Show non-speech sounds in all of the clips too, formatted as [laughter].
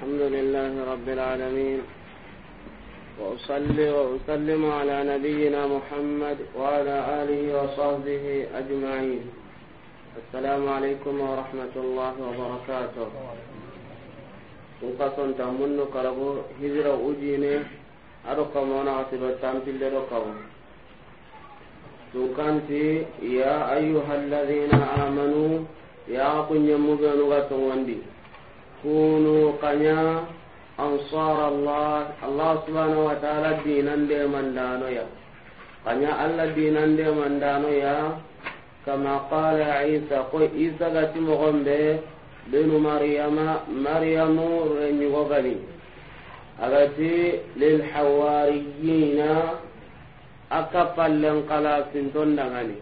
الحمد لله رب العالمين وأصلي وأسلم على نبينا محمد وعلى آله وصحبه أجمعين السلام عليكم ورحمة الله وبركاته وقصة تمنو قربو هجرة أجيني أرقم ونعتبر تامتل لرقم تنقنتي يا أيها الذين آمنوا يا قن يمغنوا واندي كونوا قنيا أنصار الله الله سبحانه وتعالى دينا دي من دانويا قنيا الله دينا دي من دانويا كما قال عيسى قل عيسى قتم غنبه بن مريم مريم رني وغني أغتي للحواريين أكفلن قلاسين تندغني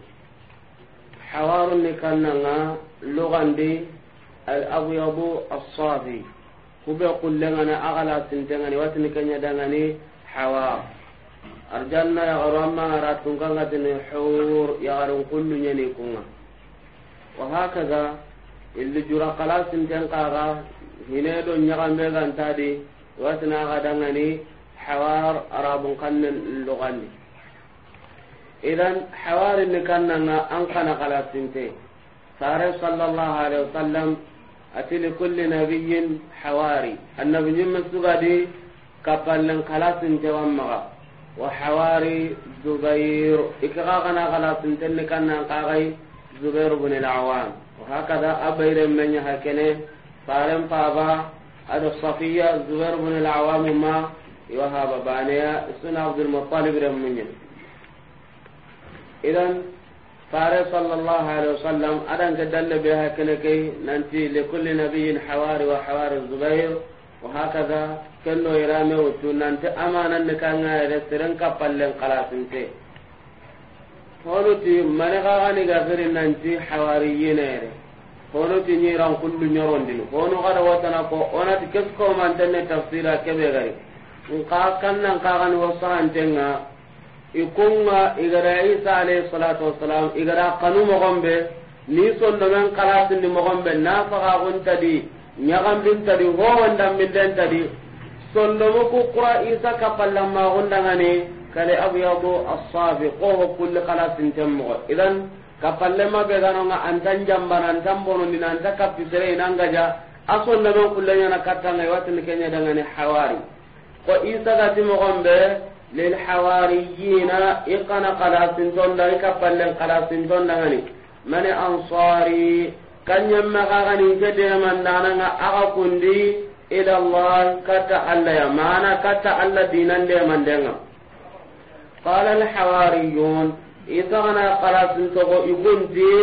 حوار نكنا لغندي الأبيض الصافي كوبا قل لنا أغلى سنتين واتن كان يدغني حوار أرجلنا يا غرام غرات كنغتن حور يا غرام كل ينيكونا وهكذا اللي جرى قلاس سنتين قاغا هنا دون يغنبي غنتادي واتنا غدغني حوار أراب قن اللغاني idan hawarin ni kan nan an kana kala sinte sare sallallahu alaihi wasallam atini kulli nabiyyin hawari annabi ñimme sugadi kapallen kalasinte wammaga wa hawari zubair ikaka kana kalasintenni kannan kakay zubair bun alawam wahakada abayren menya hakene faren paba ado safiya zubair bun alawam ma iwa haba baneya isuna abdulmutalib ren munya idan fare sallallahu alaihi wasallam na ga dalle be hakene kay nanti li kulli nabiyyin hawari wa hawari zubair wa hakaza kello irame wutu nanti amanan ne kanga re seren kapallen qalasinte honuti mane kagani gafiri nanti hawariyinere honuti ñiran kullu ñorondini honu kada watana ko onati keskomanten ne tafsira keɓe gari nka wasu kagani ikunga igara isa alayhi salatu wassalam igara kanu mogombe ni sondomen kalasindi mogombe na fakakuntadi ñagambintadi howondambindentadi sondomo ku qura isa ka kapallamaxundangani kale abyadu assafi qoho kulli kalasinten mogo idan ka kapallema be ganonga antan jambana antan bonondina anta kappisere inangaja a sondomen kulleñana kattanga iwattini dangane hawari ko isa gati mogonɓe للحواريين إقنا قلاسين دوندا إكفلن قلاسين دوندا غني من أنصاري كان يما غني كدما نانا أغا كندي إلى الله كتا الله يا مانا كتا الله دينا ديما دينا قال الحواريون إذا قلاسين تغو يقندي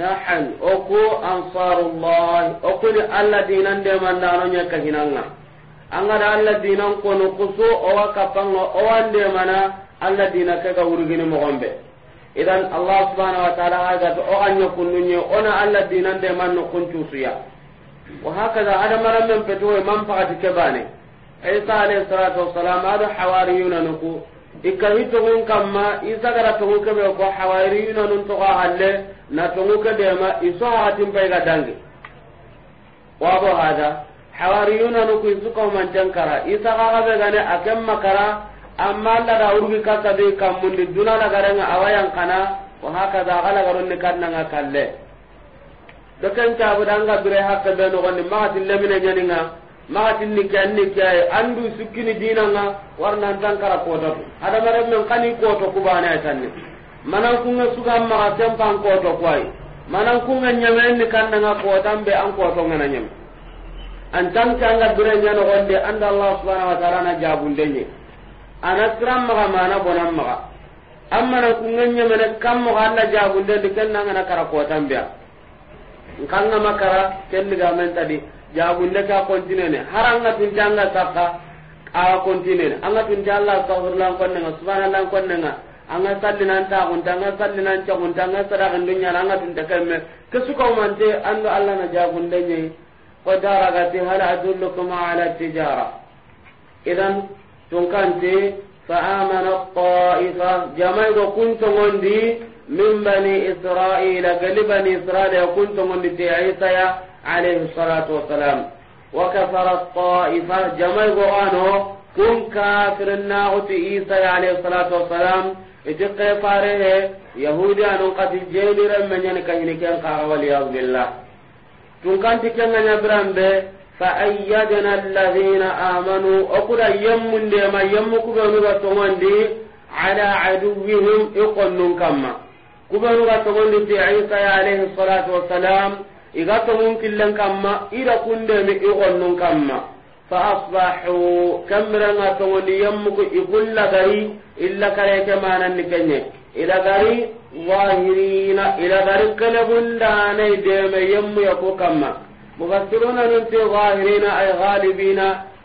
نحن أكو أنصار الله أكو الله دينا ديما نانا كهنانا angada da Allah dinan ko no kuso o wa kapanga mana Allah dina ka ga urugini mo idan Allah subhanahu wa ta'ala haga to o anya kununye ona Allah dinan de man no kuntu suya wa hakaza ada maram men peto man pakati kebane Isa alayhi salatu wassalam ada hawariyuna nuku kamma ko hawairiyuna nun halle na iso ga dange hada hawariyuna nu kuin suka man tankara isa ga ga gane akan makara amma Allah da urgi kasa be kam mun duna la garanga awayan kana wa haka da gala garon ne kan nga kalle dokan ta bu danga bire hakka be no gonde ma dille mina nyaninga ma tinni kan ni kay andu sukini dinanga warna tankara ko do ada mare men kani ko to ku bana tanni manan kunga suga ma tempan ko to kwai manan kunga nyamen ni kan nga ko tambe an ko to ngana nyamen an tan an ga bire nya no gonde anda allah subhanahu wa ta'ala na jabunde nye ana kram maga mana bonan maga amma na kungenya mena kam mo alla jabunde de kan nanga na kara ko tambia kan na makara ken diga men tadi jabunde ka kontine ne haranga tin janga saka a kontine ne anga tin jalla astaghfirullah kon nga subhanallah kon nga anga salli nan ta kun tanga salli nan ta kun tanga sadaqa dunya anga me takemme kesuka mante ando alla na jabunde nye kodaragati hal adullukum ala tijara idan tunkante fa amana qaifa jamai do kuntongondi min bani israila gali bani israila ya kuntongondi te isa ya alayhi salatu wasalam wa kafara qaifa jamai go ano kun kafirna uti isa ya alayhi salatu wasalam iti qaifare yahudi anu qati jeliran menyan kahinikan qara wal yaqbillah tun kanti kenga ñabiranɓe fa ayyadna alladina amanu o kuda yemmundema yemmu kuɓenuga togondi ala aduwihim i qonnun kamma kuɓenuga togondi ti isaya alayhi salatu wasalam iga togun killen kamma ida kundemi i qonnun kamma fa asbahu kemmiranga togondi yemmuku i gullagari illa kareke mananni kenye ida gari ظاهرين إلى برك لبندان ديم يم يكو كما مفسرون ننتي ظاهرين أي غالبين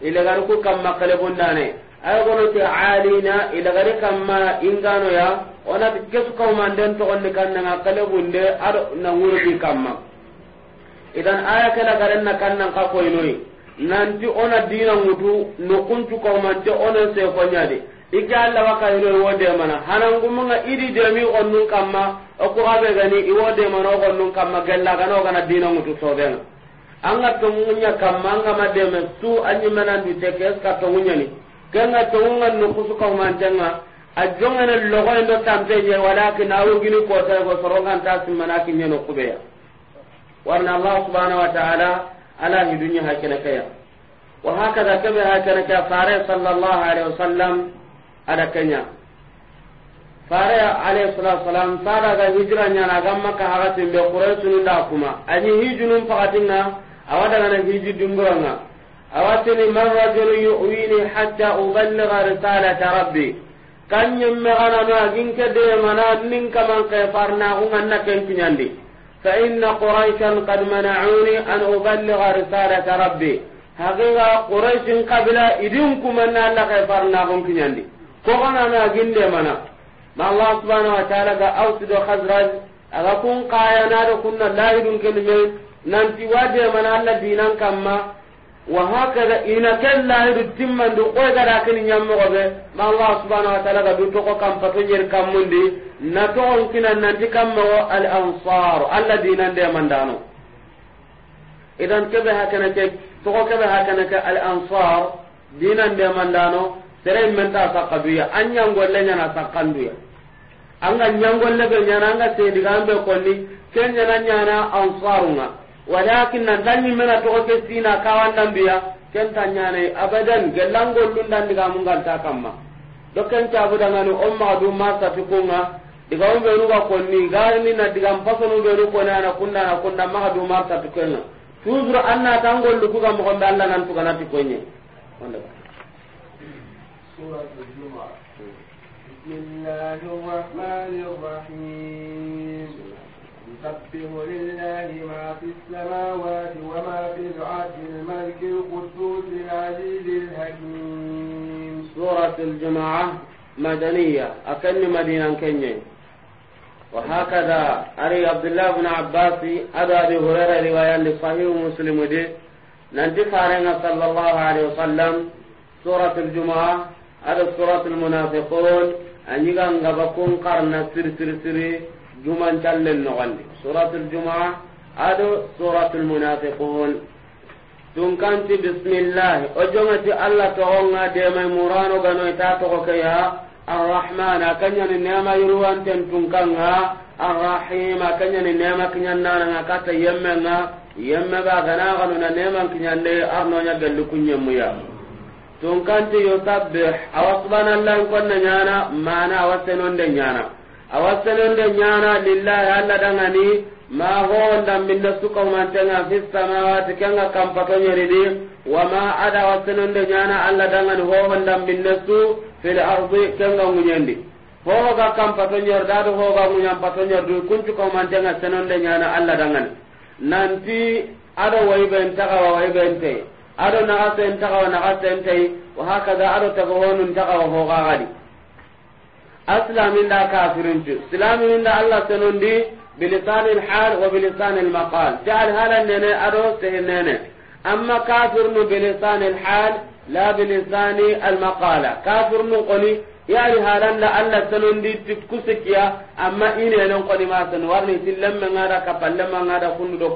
إلى غرك كما قلبندان أي غلط عالين إلى غرك كما إنغانو يا ona kesu kawman den togondi kannanga kalebunde aɗo na wurgi kamma idan aya kela garenna kannan ka koynoyi nanti ona dina ŋutu nokuncu kawmante ona sekoñadi iga allah waka hiro wo demana mana hanan gumunga idi de mi onnun kamma o abe gani iwo demana de mana o onnun kamma gella gano dina mutu sobenga anga to munya kamma anga mademe su anyi mana du tekes ka to ni kenga to munga no kusuka mantanga logo ndo tampe je walakin awu gini ko tay soronga ta simana kinye no warna allah subhanahu wa ta'ala ala hidunya hakana kaya wa hakada kama hakana kaya fare sallallahu alaihi wasallam ada kenya fare alayhi salatu wasalam sada ga hijra nya na gamma ka haga timbe quraysh nun da kuma ani hijunun faqatinga awada na hiji dunguranga awati ni rajul yu'wini hatta uballigha risalata rabbi kanyum me gana na ginke de mana nin kaman ka farna unganna ken pinyandi fa inna quraysan qad mana'uni an uballigha risalata rabbi haqiqa quraysin qabla idin kuma na la ka farna gon pinyandi na ginde mana ma allah subhanahu wa taala ga ausido khazraj aga kun da kunna lahidun nan nanti wade mana allah dinan kamma wa hakada ina ken lahidu da kan nyam kini be ma allah subhanahu wa taala ga du togo kam pato kam mundi na on kinan nanti kammogo al ansar allah mandano idan ke keɓe hakeneke togo keɓe ke al ansar mandano sere men ta sakka duya an nyangolle nyana an anga nyangolle be nyana anga sedi gambe konni ken nyana nyana ansarunga walakin nan danyi mena to ke sina kawandan biya ken ta nyana abadan gellangollun dan diga mun ganta kamma do ken ta bu dangani umma du ma ta tukunga diga umbe ruga konni garni na diga mpaso no beru konni ana kunna na kunna ma du ma ta tukunga tuzur anna tangollu kuga mo gonda Allah nan tugana tikonye onda سورة الجمعة بسم الله الرحمن الرحيم يسبح لله ما في السماوات وما في العرش الملك القدوس العزيز الحكيم سورة الجماعة مدنية أكن مدينة كنية وهكذا أري عبد الله بن عباس أبا أبي هريرة رواية لصحيح مسلم دي ننتفع صلى الله عليه وسلم سورة الجمعة adhu surat almunafiqun anyiga ngaba kun qarna sir sir siri juman tallen nogondi surat aljumaa ado surat almunafiqun tun kanti bismillah o jongati allah togonga demai murano gano ita togo keya arrahman akanyani nema yurwanten tunkanga arrahim akanyani nema kinyannananga kata yemmenga yemme ba gana ganuna neman kinyande arnonya gelli kunyemmuya tun kanti yusabbih awa subhanallah konna nyana mana awa senonde nyana awa senonde nyana lillahi alla dangani ma hoondan minna sukahumantenga fi samawati kenga kampato ñeridi wama ada awa senonde nyana alla dangani hohondan minna su fil ardi kenga ŋuñendi hohoga kampato ñer dadu hoga ŋuñampato ñer du kuncukahumantenga senonde nyana alla dangani nanti ada wayibentaga wa wayibenteye ado naxa sen taxawa naxa sen tay wa hakaza ado taga honun taxawa hoxaxadi asilaminda kafirintu silamininda allah senondi bilisan lhal wa bilisan lmaqal ti alhala nene ado sehe nene amma kafirnu bilisan lhal la bilisani almaqala kafirnu qoni yani halan la allah amma ma warni do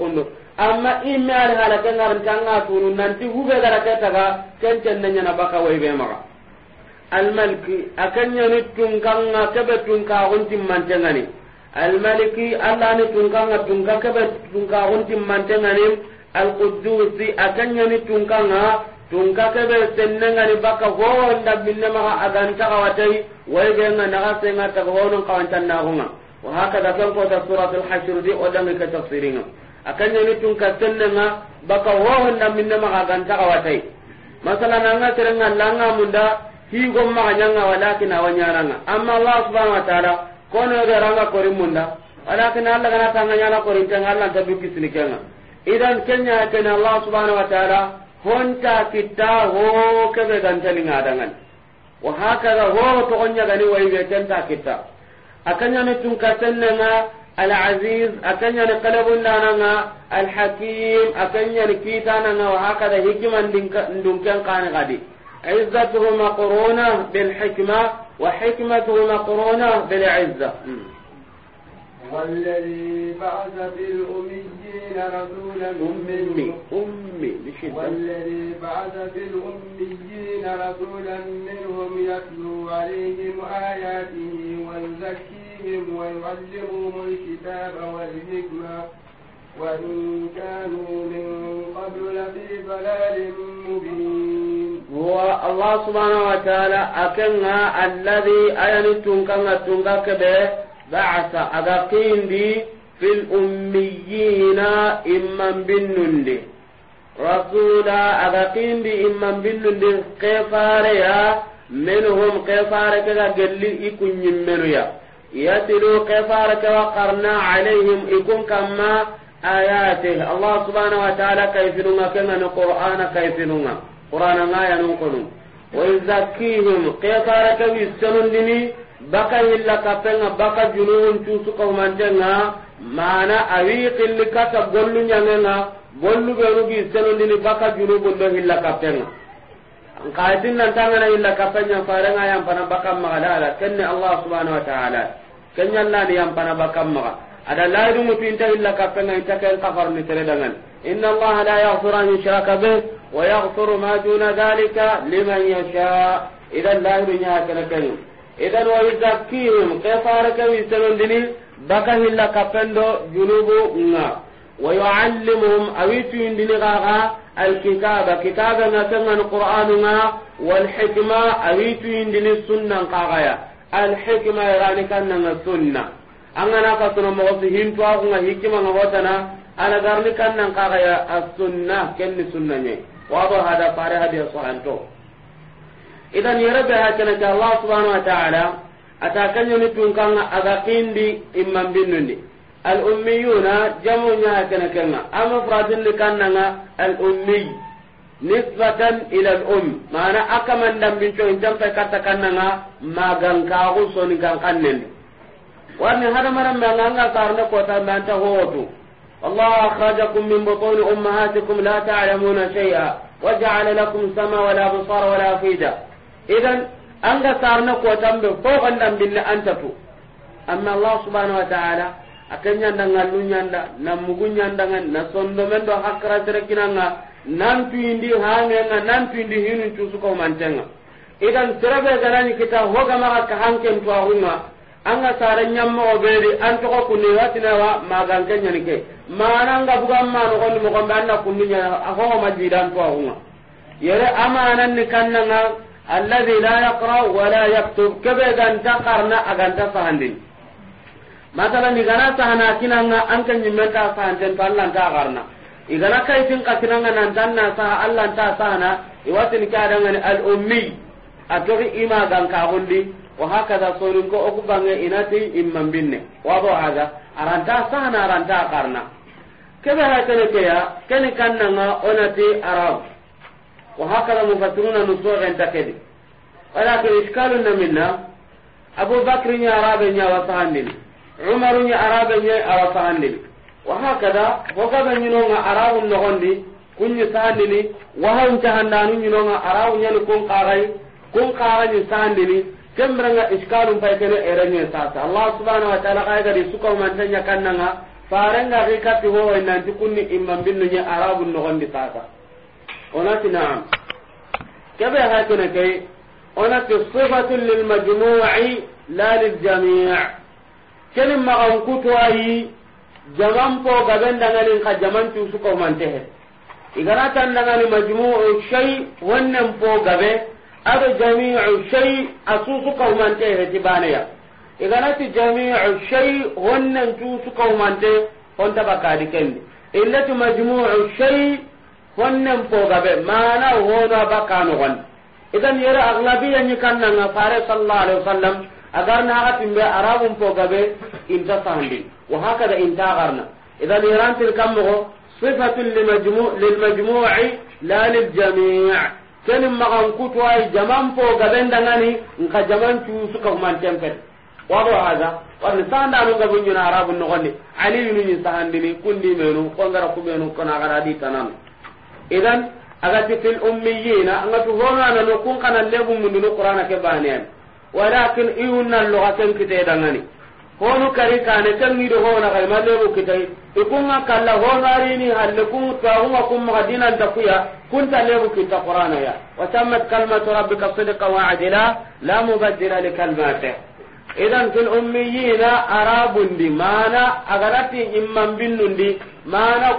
amma imme al halaka ngaran kanga tunu nanti hube gara ke taga kencen nanya na baka wai be maga almaliki akanya ni tun kebe tun ka hunti mantengani al alla ni tun kanga tun ka kebe tun ka hunti mantengani al akanya ni tun kanga kebe sennengani baka howonda binne maga aganta kawatai wai be nga naga senga taga honon kawantan na hunga wa hakada kan ko ta suratul di ka akan yana tun ka ma baka hoho minna ma maga ganta ka watai masalan anga nga langa munda hi gom maga wa walakin nga. amma allah subhanahu wa taala kono ga ranga korim munda walakin allah kana tanga nyala korim nga allah ta bukki sinikenga idan kenya kana allah subhanahu wa taala honta kita ho kebe ganta ni ngadangan wa hakaza ho to onya gani wai be kenta kita akan yana tun ka tennenga العزيز أكن قلب لنا نعم، الحكيم أكن كيتانا نعم، وهكذا هكما دنكن قان غدي عزته مقرونة بالحكمة وحكمته مقرونة بالعزة والذي بعث في الأميين رسولا أمي أمي والذي بعث في الأميين رسولا منهم يتلو عليهم آياته ويزكيهم ويزكيهم ويعلمهم الكتاب والحكمة وإن كانوا من قبل لفي ضلال مبين والله سبحانه وتعالى أكنها الذي أين تنكنا تنكك به بعث أغاقين دي في الأميين إما بالنند رسولا أغاقين دي إما بالنند كفاريا منهم كفارك قل لي إكن يمريا yatlu kefarake waqarna alayhim ikun kamma ayatih allah subhanahu wa taala kayfinunga kengani qur'ana kayfinunga qur'ana ngayanun konu wayuzakkihim kefarake wissenundini baka hilla kappenga baka junubun cusukahumantenga mana awi qilli kata gollu ñangenga gollu ɓenugii senundini baka junubun do hilla kappenga nkatin nan tangana illa kafanya faranga yang pana bakam magalala kenne Allah subhanahu wa ta'ala kenya Allah ni yang pana bakam maga ada la idu mutinta illa kafanga inta kafar ni teredangan inna Allah la yaghfiru an yushraka bih wa yaghfiru ma duna dhalika liman yasha idan la idu nya kana kanyu idan wa yuzakkihim kafara kan yusallindini baka illa kafendo junubu nga ويعلمهم أويتين دنغاغا الكتابة كتابة نتنغى القرآن والحكمة أويتين دن السنة قاغايا الحكمة يغاني كان السنة أنا قصنا مغصهين تواغنا حكمة مغوتنا أنا غارني كان قاغايا السنة كن السنة واضح هذا فاري هذه صحانتو إذا يربي هكذا الله سبحانه وتعالى أتاكن ينتون كان أغاقين دي إمام بنن دي الأميون جمع نهاكنا كنا أما فراد لكنا الأمي نسبة إلى الأم معنى أكما لم بنتو إن تنفى كتكنا ما غنكاغو سوني غنقنن وأن هذا مرة من أنغا كارنا كوتا بانتا هوتو الله أخرجكم من بطون أمهاتكم لا تعلمون شيئا وجعل لكم سما ولا بصار ولا أفئدة إذا أنغا كارنا كوتا بفوق لم بن أنتفو أما الله سبحانه وتعالى akanya ndanga lunyanda na mugunya ndanga na sondo mendo hakra sere kinanga nan tuindi na nan indi hinu tusu ko mantenga idan serabe garani kita hoga ma ka hanken to ahunga anga sare nyammo obedi an to ko kunni watina wa maganke nyanike mananga bugam ma no gonde mo gonde anna kunni nya aho ma jidan to ahunga yere amanan ni kannanga alladhi la yaqra wa la yaktub kebe dan qarna aganta fahandini ni igana sahana kinanga an kan nyimmen ta sahanten to allah ta garna igana kaitin ka kinanga nan tan na saha allah ta sahana i iwatin ka dangani al ummi atoki ima gan ka gondi wa hakaza sorin ko oku bange inati imman binne wa bo haga aranta sahana aranta garna kebe ha tene ke ya keni kannanga onati arab wa hakaza mufassiruna nusugen takedi walakin iskalunna minna abu bakri nya arabe nya wa sahandini umaruñi arabeñe awa saandini wahakada hogabeñinonga arabu nogondi kuñi saandini wahancahandanu ñinonga arabuñani kun kaxay kun kaxañi saandini kemmirenga iskalum pay kene ereñe sasa allah subhanau wa taala kaygadi sukaumante ñakannanga farenga xi kati howoy nanti kunni immambinnuñe arabu nogondi sasa onati naam keɓe xa kene kay onati sifatu lilmajmui la liljamic keni magan kutuwayi jaman po gaben dangani ka jaman cusu kaumantehe igana tan dangani majmuu shay wonnen po gabe ado jamiu shay asusu kaumantehe ti baneya ti jamiu shay wonnen cusu kaumante honta bakadi kendi illati majmuu shay wonnen po gabe mana hono wan idan yere aglabiya ñi kannanga fare sallallahu alaihi wasallam agar na ga timbe arabun po gabe inta sahandi wa hakada inta garna idan iran til kamugo sifatu lil majmu lil majmu'i la lil jami' kan ma kan kutu ay jaman po gabe ndangani ngka jaman tu suka man tempet wa do hada wa ni sanda lu gabe nyuna arabun no gonde ali ni ni sahandi ni kundi menu ko ngara ku menu kana gara di tanan idan agati fil ummiyina ngatu hono anano kun kana lebu mundu qur'ana ke baniyan walakin iyunna loga kita kite dangani honu kari kane ken ngido hona kay malebu kitai ikunga kala honari halle kun taunga kun maga dinan takuya kun talebu kita qur'ana ya wa tammat kalmatu rabbika sidqa wa adila la mubaddila li kalmatih idan fil ummiyina arabundi mana agarati imman binnundi mana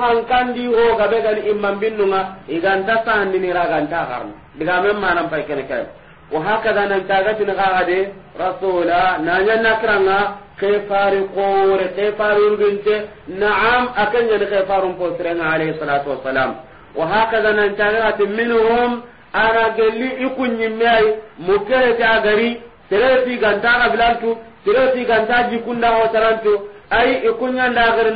hankan di ho gabe gal imman binnunga iganta sandini raganta garna diga men manan pai kene kene wa haka da nan ta gafi na ƙara da rasola na yan na kira na kaifari ƙore kaifari rubinci na am a kan yana kaifarin salatu wa haka da nan ta gafi ati mini rom gari tere fi ganta a bilantu tere fi ganta da wasarantu a yi ikun yan da gari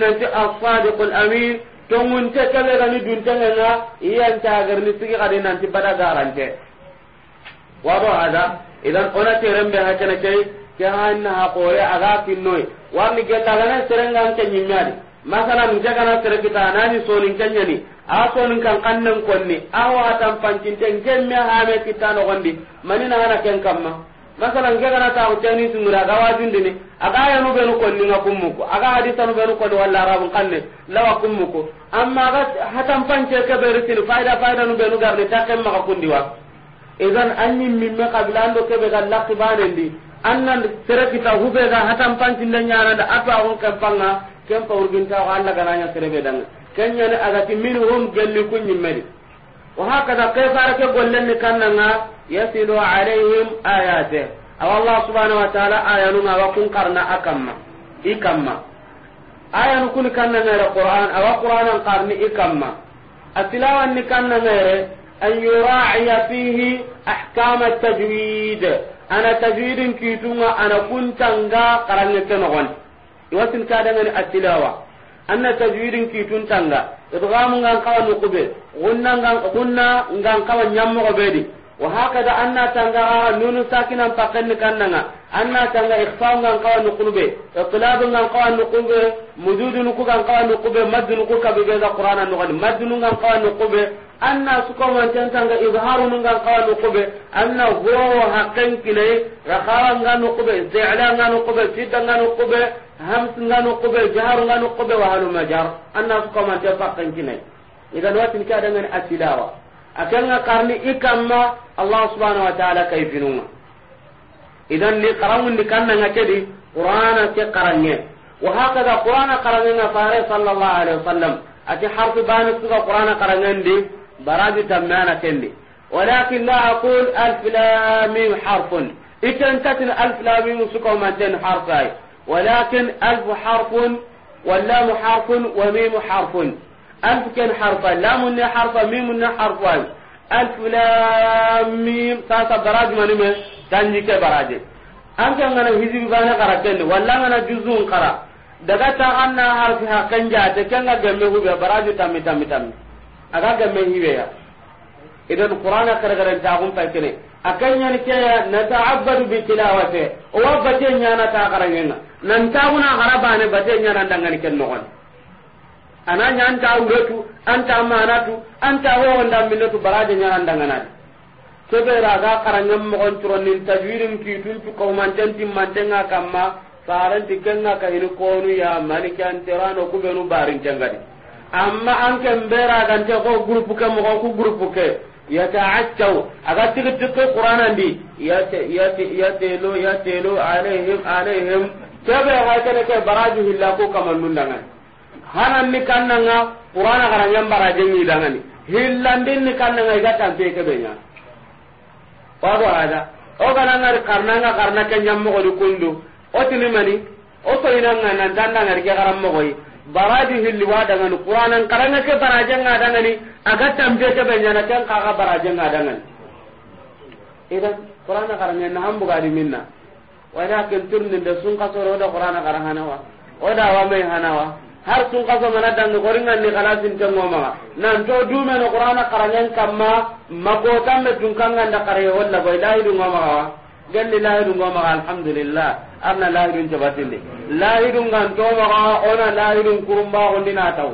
na wado hada idan ona teren be ha kana kai ke na ha qore aga finnoy warni gella gana serenga kan nyimmadi masala mi jaga na sere kita nani so ni kanya ni a so ni kan kannan konni wa tan pancin ten me ha me kita no gondi na hana ken kamma masala ge na ta sun sumura ga wajin dini aga ya no benu konni na kummu ko aga be no benu konni walla rabu kanne lawa kummu ko amma ga hatan pancin ke beritin faida faida no no garne ta kemma ka wa. idan anyin me kabila ando kebe ga lakki an nan sere kita hube ga hatan pancin da yana da atwa on kan fanga kan fa urginta ko Allah ga nanya sere be danga kenya ne aga ti hum galli kunyi mari wa kai fara ke gollen ni kannanga yasilu alaihim ayate aw Allah subhanahu wa ta'ala ayanu ma wa kun karna akamma ikamma ayanu kun kan nan ne qur'an aw qur'anan qarni ikamma atilawan ni kan nan ne أن يراعي فيه أحكام التجويد أنا تجويد كيتوما أنا كنت أنغا قرن كنغن يوسن كادن التلاوة أنا تجويد كيتون تنغا إدغام نغان قوى نقبه غنى نغان قوى نيام غبيدي وهكذا أنا تنغا نون ساكنا فقن كاننا أنا تنغا إخفاء نغان قوى نقبه إطلاب نغان قوى نقبه مدود نكو نغان قوى نقبه مد نكو كبيرة قرآن نغن مد نغان قوى نقبه anna su sukoma tentanga izharu ga kawa qube anna haqqan kile kinai rakawa nga nukube zela nga nukube sita nga nukube hams nga nukube jaharu nga wa halu majar anna sukoma te faqqan kile idan watin ka dangane akan akenga karni ikamma allah subhanahu wa ta'ala kayfinunga idan ni ni kanna kannanga kedi qur'ana ke karange wa hakaza qur'ana qaranye na fare sallallahu alaihi wasallam ati harfi bani suka qur'ana ndi baraji tammana kende walakin la aqul alf lam mim harfun ikan katin alf lam mim suko manten harfai walakin alf harfun واللام حرف وميم حرف ألف كان حرفا لام حرفا ميم حرفا ألف لام ميم تاسا براج من تنجيك براجي an kan gana hizibi bana kara kende walla gana juzun kara ta anna harfi ha kanja ta kanga gamme hubya baraju tammi tammi aga gamme hiweya idan qur'ana karagaran ta gun tagun tankene akanya ni kaya nata'abbadu bi tilawati wa batenya na ta karangenga nan ta guna haraba taguna garabane batenya nan dangani ken nogon ananya anta uretu ta manatu an ta ho wanda minatu baraje nya nan dangana be raga karangem mo on turon nin tajwirin ki tun tu ko man tan tim man tan kamma faran tikenga ka hinu konu ya manikan tirano kubenu barin jangadi amma an ken bera gante ko group ke mo ko group ke ya ta yata'attaw aga tigi tigi qur'ana ndi ya ya ya yate yate yatelo yatelo alaihim alaihim kebe ha kene ke baraju hilla ko kamal kamannun danga hanan ni kan kannanga qur'ana gara nyambara jengi danga ni hillandin ni kan kannanga iga tampe ke benya wado ada o kana ngar karnanga karna ke nyammo ko kundu o tinimani o so inanga nan tanda ngar ke garam mo koyi baraji hilli wa daga ni qur'anan karanga ke baraji nga daga ni aga tambe ke benyana kan ka kaga baraji nga daga ni idan qur'ana karanga na hambu ga di minna wala kan turni da sun kasoro da qur'ana karanga wa o da wa mai wa har sun kaso mana dangi goringa ni kalasin tan ngoma nan to dume no qur'ana karanga kamma mako kambe tun nga da kare walla boy yi du ngoma wa gelli lahidu ngoma alhamdulillah arna lahidun jabatinde lahidun gan to ma ona lahidun kurumba ondi na taw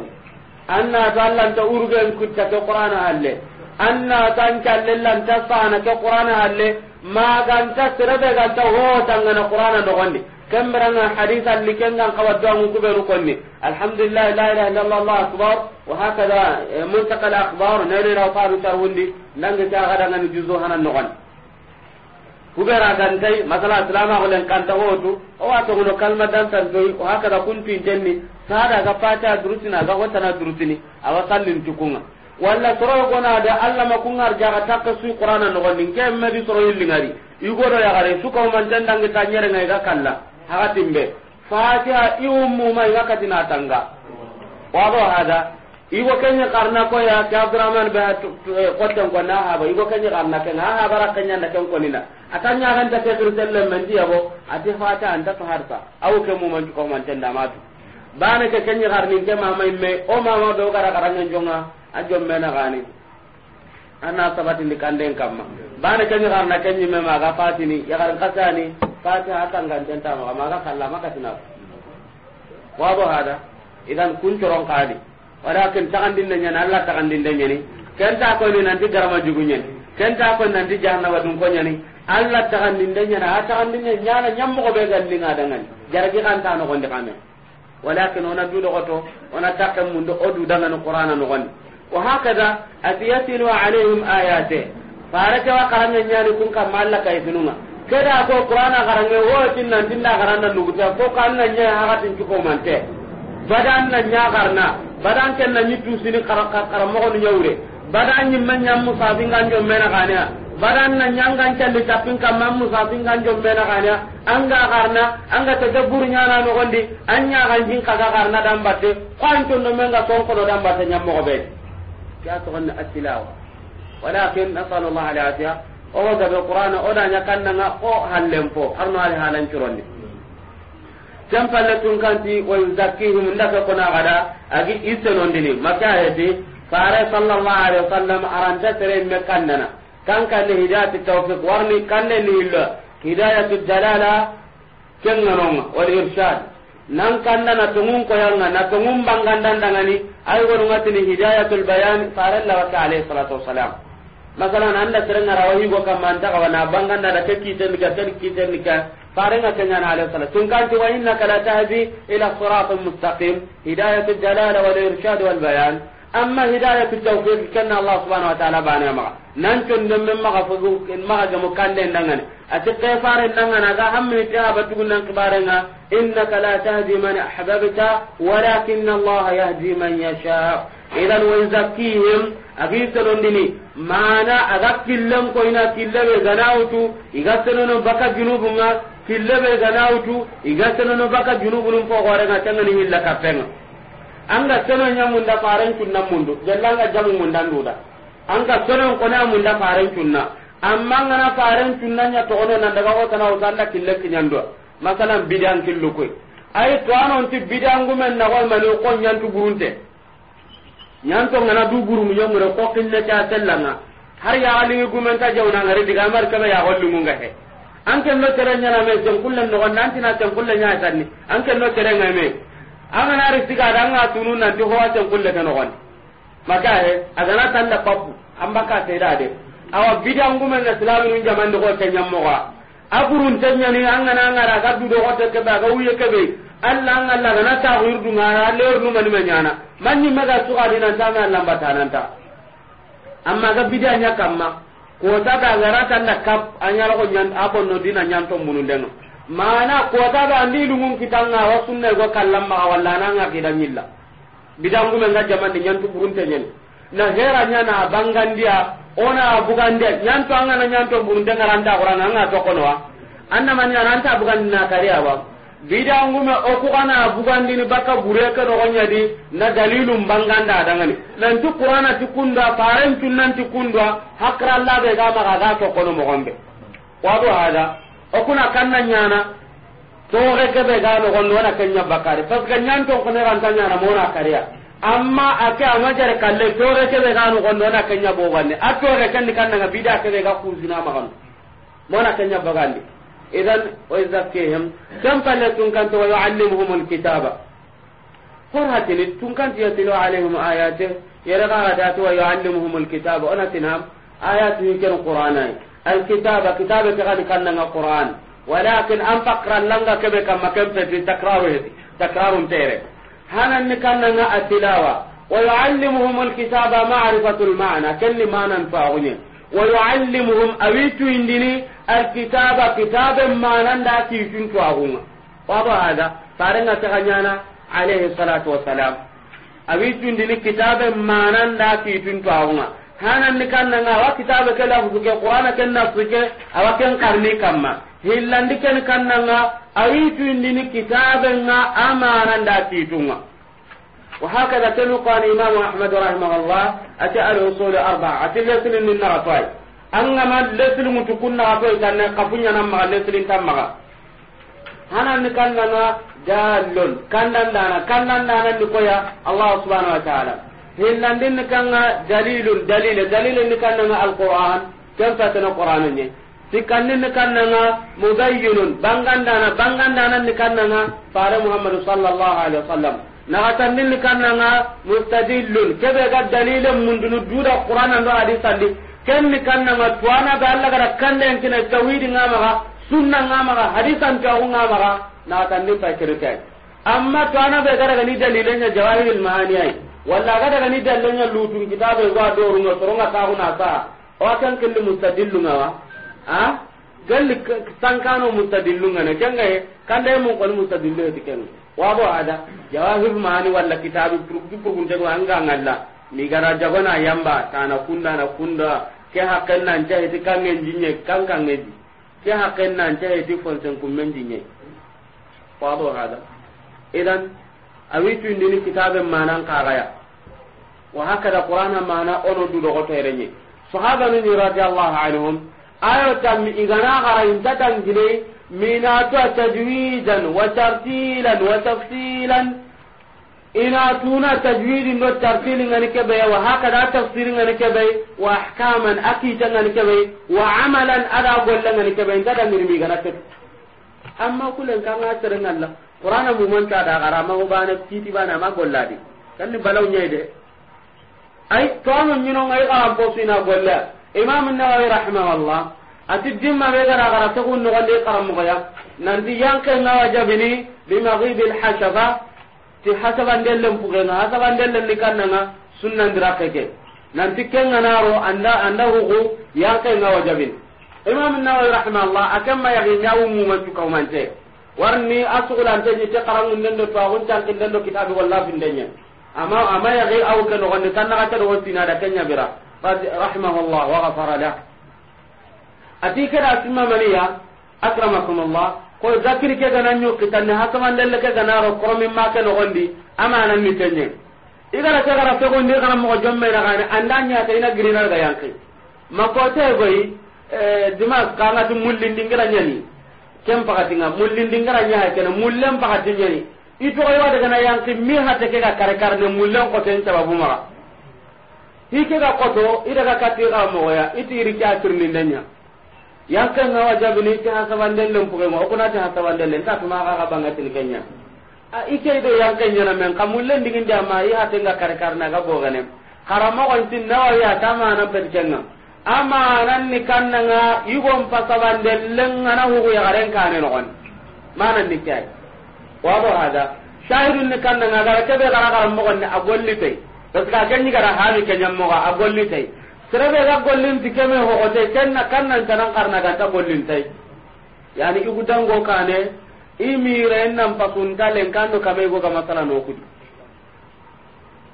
anna to allan ta urgen kutta to qur'ana halle anna tan kallan ta sana to qur'ana halle ma gan ta sirabe gan ta ho tangana qur'ana do gondi kemberanga hadith alli kengan kawa duangu kuberu konni alhamdulillah la ilaha illallah allah akbar wa hakada eh, muntaqa al akhbar nani rafaru tarwundi nangi ta gadangan juzu hanan no gondi kubera gantai masala salama ko len kanta hotu o wato to kalma dan tan o haka da kunti denni sada ga pata durutina ga wata na durutini awa sallin tukunga walla toro gona da alla ma kun arja ka takka su qur'ana no gon ke me di toro yilli ngari igo do ya gare su ko man dan ga tanyere ngai ga kalla haka timbe fatiha iummu mai wakati na tanga wa hada igo kenya karna ko ya ke abdurrahman be kotten ko na haba igo kenya karna ken ha haba ra kenya na ken konina atanya kan ta tekru telle man dia bo ati fata anda to harta au ke mu man ko man da matu bana ke kenya karni ke mai me o ma ma do gara gara nyon jonga a jom na gani ana sabati ni kanden kamma bana kenya karna kenya me ma ga fatini ya garan kasani fata ngan ten ta ma ga kallama Wa bo hada idan kun coron kadi walakin tagandin da nyani allah tagandin da nyani ta ko ni nanti garama jugu nyani ta ko nanti jahanna wadun ko nyani allah tagandin da nyani a tagandin nyani nyana nyam ko be galli nga dangan jaragi kan ta no ndi kame walakin ona du do goto ona takam mun do odu dangan qur'ana no gonde wa hakaza atiyatilu alaihim ayate faraka wa karanga nyani kun kam allah kai sununga kada ko qur'ana garange wo tin nan dinna garanda ta ko kan nan nya tin ko te badan nan nya garna badan ken na nyitu sini karamogo ni nyawre badan nyi man nyam musa bingan jom mena kania badan na nyanga challi tapin kam mam musa bingan jom mena kania anga karna anga tadabbur nyana no gondi anya kan jin kaga karna dam batte kwan to no menga ton ko dam batte nyam mo be ya to kan atilawa walakin nasallallahu alaihi wa sallam o da qur'ana o da nyakannga o hallempo arno ali halan churonni ken palle tun kanti wa yuzakkihum ndaka kona gada agi isenondini maka heti fare sallallahu alaihi wasallam aranta sere me kannana kan kanne hidayati tawfiq warni kanne ni hillo hidayatu dalala ken nganonga wal irshad nan kandana tungun koyanga na tungun bangandandangani ay gonungatini hidayatul bayan fare la waka alaihi salatu wassalam masalan anda sere ngarawahi go kamanta kawana banganda da kekiten ga kekiten ka farenga kenyana alayhi salam tunkanti wa innaka la tahdi ila siratin mustaqim hidayatu jalala wal irshad wal bayan amma hidayatu tawfiq kanna allah subhanahu wa ta'ala bana ma nan ton dem men batu nan kibarenga innaka la tahdi man ahbabta walakin allah yahdi man yasha idan wa yuzakkihim agi telondini mana aga killen koyna hillebe ganawutu iga senono baka junubunum fo horenga tengani hilla kappenga anga seno ñamunda faren cunna mundu gellanga jamu mundanduda anga sonon kone a munda faren cunna amma ngana faren cunna ña togono nan daga hotanawuta anda kille kiñanduwa masalan bidan killu koy ay toanonti bidangumen nagoymani ko ñantu burunte ñanto ngana du burumu ñomure ko kille ca sellanga har yaxalingi gumen ta jawnangari digamar kebe yaxollingunga he an no kere na me ken kullen no gonna antina ken kullen nya tanni an ken no kere me an na ri tiga da nga tunu na ti ho ken kullen no gonna maka he agana tan da papu an ka te da de awa bidan gumen na salamu nun jaman do ko nya mo ga aburun nya ni anga na ngara ga du do ko te ke ba ga uye ke be alla an alla na ta du ngara leer nu man me nyana manni mega suka dina ta na lamba tananta amma ga bidan nya kamma kota ka gara tan na kap anyalo ko nyan abon no dina nyanto munundenga mana kota da andi lungun kitanga wa sunna go kallam ma walla na nga kidan yilla bidangu men ga jaman ni nyanto burunte nyen na hera nyana bangandia ona bugande bugandia nyanto anga na nyanto burunte ngaranta qur'an anga to kono wa anna man nyananta bugandina kariya wa bidangume okugana bugandini bakka bureke nogonyadi na dalilum banganda adangani nanti qur'ana ti kundwa faren cunnanti kundwa hakrallaɓe ga maga ga tokkono mogonɓe wado hada okuna kanna ñana toxe be ga nogondi wona kenya bakkari parce que ñan tonkoneranta ñana mona kariya amma ake ama jare kalle toxe be ga nogondi wona kenya bogandi a toxe kendi kannanga bida kanna ga kusina maganu mona kenya bagandi إذا ويزكيهم كم فلتون كانت ويعلمهم الكتابة قرها تنتون كانت يتلو عليهم آياته يرغى هداته ويعلمهم الكتابة أنا تنام آيات يمكن القرآن الكتابة كتابة غادي كان لنا القرآن ولكن أن فقرا لنا كما كما كم في تكراره تكرار تيري هنا أن كان لنا التلاوة ويعلمهم الكتابة معرفة المعنى كل ما ننفعني ويعلمهم أويتو إندني الكتاب كتابا ما نندا تيتنتو أهما واضح هذا فارنا تغنيانا عليه الصلاة والسلام أويتو إندني كتابا ما نندا تيتنتو أهما hanan ni kan nga wa kitabe ke la fuke qur'ana ken na fuke awa ken karni kamma hillandi ken kan nga ayi amana وهكذا كانوا قال الإمام أحمد رحمه الله أتى الأصول أربعة أتى لسل من نغطوي أنما لسل متكون نغطوي كان قفن ينمغ لسل تمغ هنا نكالنا دالون كان لنا كان لنا نكويا الله سبحانه وتعالى hillandin ni kanga dalilun dalile dalile ni kanna nga alquran kan fatana ni kanna nga mubayyinun bangandana bangandana ni kanna nga fare muhammadu sallallahu alaihi wasallam naxatandinni kannanga mustadillun keɓe ga dalile mundunu duda qur'ana ndo adi sandi kenni kannanga tuwanaga allah gara kandenkine tawhidi nga maxa sunna nga maxa hadisantuaku nga maxa naxatandin pa kirikay amma tuwanaɓe garagani dalilenya jawahiril mahaniyai walla aga dagani dallenya lutun kitabe go a dorunga soronga taxuna saa owa ken killi mustadillungawa a galli tankano mustadillungana kengaye kandaye mun kon mustadillo e ken wabo ada jawahir mani wala kitabu purgi purguntego anga ngalla mi gara na yamba tana kunda na kunda ke hakken nan jahiti kangen jinye kankangeji ke hakken nan jahiti fonsen kummen jinye wabo ada idan awitundini kitabe manan kagaya wa hakada qur'ana mana ono dudogotoerenye sahaba ni radiallahu anhum ayo tammi igana gara inta tangine minatu tajwidan wa tartilan wa tafsilan ina tuna tajwidin do tartil ngani kebe wa hakada tafsir ngani kebe wa ahkaman akita ngani kebe wa amalan ada golla ngani kebe inta tangine mi gana kebe amma kulen kan ga teren Allah qur'ana mu man ta da gara ma bana titi bana ma golla di kan ni balaw nyai de ai to mun nyino ngai ga bo sina golla imam an-nawawi rahimahullah ati dimma be gara gara to kun nogonde karamugo ya nanti yanke ngawa jabini bi maghib al-hashaba ti hasaba ndellem pugena hasaba ndellem likannanga sunnan dirakeke nanti kenga naro anda anda hugu yanke ngawa jabini imam an-nawawi rahimahullah akamma yagi nyawu mu ma mantu kaumante warni asugulante ni te karangun dendo to agun tankin dendo kitabi wallahi ndenya ama ama yagi awu ke nogonde kanna ka to wotina da kenya bira قد رحمه الله وغفر له أتي كده أسمى منيا أكرمكم الله ko zakiri ke gana nyu kitanne hakaman dalle ke gana ro kromi ma ke nogondi amana ni tenye igara ke gara fe gondi kana mo jomme na gane andanya ta ina girina ga yanki makote goyi eh dimas kana tu mullin dingira nyani kem pakati nga mullin dingira nya ke na mullem ito wa daga na yanki mi hata ke ga kare kare ne mullen ko ten sababu mara. hike ga koto ida ga kati ga moya iti iri kya turni danya yankan na wajabi ni hasa sabanden len puge mo kuna hasa sabanden len ta ma ga banga tin kenya a ike do yankan yana men len dingin da ma ya ta ga karkar na ga bogane karamo ko tin na wa ya ta ma nan perkenga ama nan ni yi yugon pa sabanden len ngana hu ya garen kane no kon mana ni kya wa bo hada shahidun ni na ga be ga ga mo kon ni agolli parce que a ken ñigara haami keñammoxa a gollitay serebe ga gollinti keme hoxote kenna kannancanan xarnaganta gollintay yani i gudango kane i miren nan pasunta lenkando kame goga masala nokudi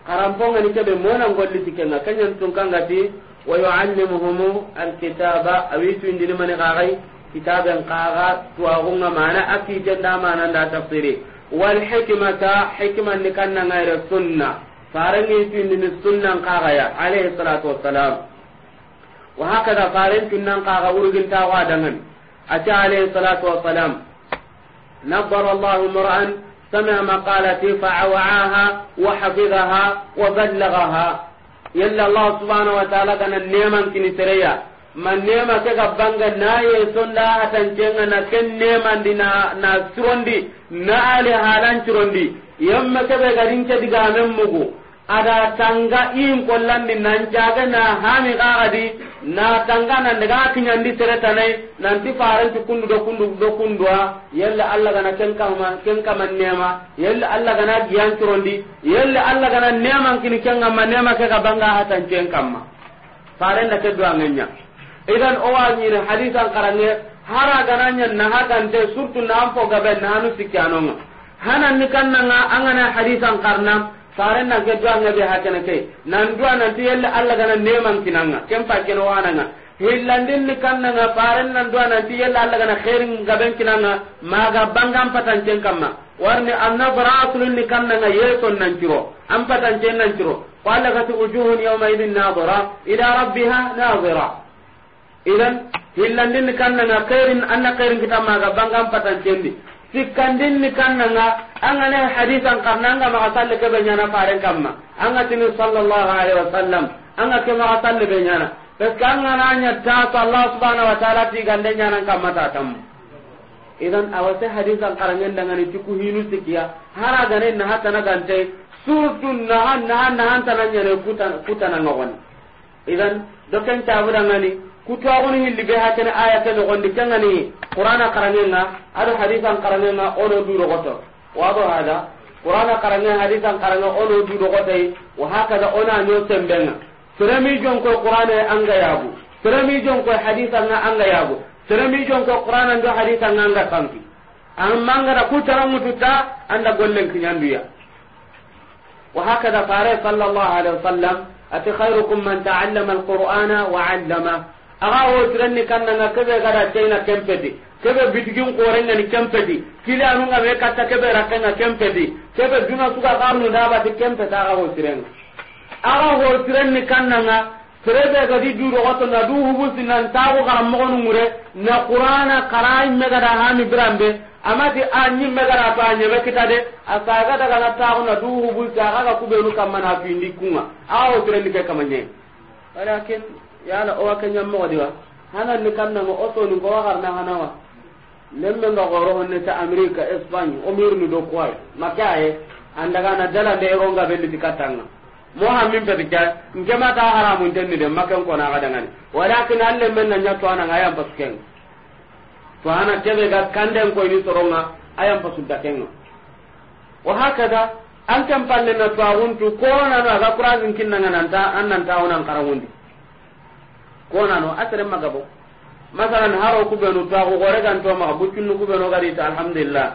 xarampongeni keɓe monan golliti kenga keñantunkangati wa yuallimuhumu alkitaba awituindinimani xaxay kitaben kaga tuwagunga mana a kiten da mananda tafsiri walhikmata hikmanni kannangayre sunna farin yi ni sunnan kaga ya alayhi salatu wassalam wa haka da farin tunnan kaga urgin ta wa dangan a ta alayhi salatu wassalam nabbar allahu mur'an sami maqalati fa awaaha wa hafidaha wa ballagaha yalla allah subhanahu wa ta'ala neman kini tereya man nema ke ga na ye sonda atan kenga na ken nema dina na surondi na ale halan surondi yamma ke be garin ke diga mugu ada tanga im min nan jaga na hami gagadi na tanga nan daga nan ti faran ti kundu do kundu do wa yalla alla gana kenkama kenkama nema yalla alla gana turondi yalla alla gana kin kini kenkama nema ke kabanga hatan kenkamma da ke do angenya idan o ni hadisan karange hara gana gananya na te surtu na ampo gabe na sikyanonga hanan ni kannanga angana hadisan karnam saren na ke duwa ngabe hakene ke nan duwa na ti yelle alla gana neman kinanga kem pa wana wananga hillandin ni kannanga faren nan duwa na ti yelle alla gana khairin gaben kinanga ga bangam patan cen kamma warni baratul ni kannanga yeson nan ciro am patan cen nan ciro qala tu wujuhun yawma idin nadira ila rabbiha nadira idan hillandin ni kannanga khairin anna khairin ga bangam patan cendi sikkandin ni kannanga angane hadisan karna anga maka salle ke benyana faren kamma anga tini sallallahu alaihi wasallam anga ke maka salle benyana parce que anga nanya ta allah subhanahu wa taala ti gande nyana kamma ta tam idan awase hadisan karangen dangan itu ku hinu sikia hara gane na hata na gante surtu na na na hanta nanya ne kutana kutana ngon idan dokan tawura ngani kutwaxunu hilli be hakene aya ke nogondi kengani qur'ana karangenga ado hadisan karangenga ono durogoto wado hada qur'ana karange hadisan karange ono durogotai wa hakada ona nyo sembenga seremi jonko qur'ana anga yagu seremi jonko hadisanga anga yagu seremi jonko qur'ana ndo hadisanga anga kanki da kutara mututa anda gollen kinyanduya وهكذا قال صلى الله ati khairukum man ta'allama تعلم القرآن وعلمه aga wotirenni oh, kannanga keɓe gada teina kempedi keɓe bitigin korengani kempedi kilianunga ɓe katta keɓe rakkenga kempedi keɓe duna suga karnu dabati kempeta aga wotirenga oh, aga wotirenni oh, kannanga serebe gadi duɗogotonga du hubusi nan taku karanmogonu ŋure na qurana kara imme gada hami biranɓe amati a ñimme gada to a ñeme kita de a saga dagana takuna du hubusi agaga kuɓenu kamma na findi kunga aga wotirenni ke kama ñe walakin yala o wakanya mo diwa hanan ni kamna mo oto ni gowa harna hanawa lemme nga goro honne ta america espagne o ni do kwai makaye andaga na dala de ronga nga belli katanga mo ha min be dikka nge ma ta haramun ni de makan ko na ga dangani walakin alle men na nyato ana ga yam pasken to ana tebe ga kanden ko ni toronga ayam pasudda kenno wa hakada an kan palle na tawuntu ko na ga qur'an kinna nanta an nan tawunan karangundi no asere magabo masalan haro ku kan ma bu kinu ku be no gari ta alhamdulillah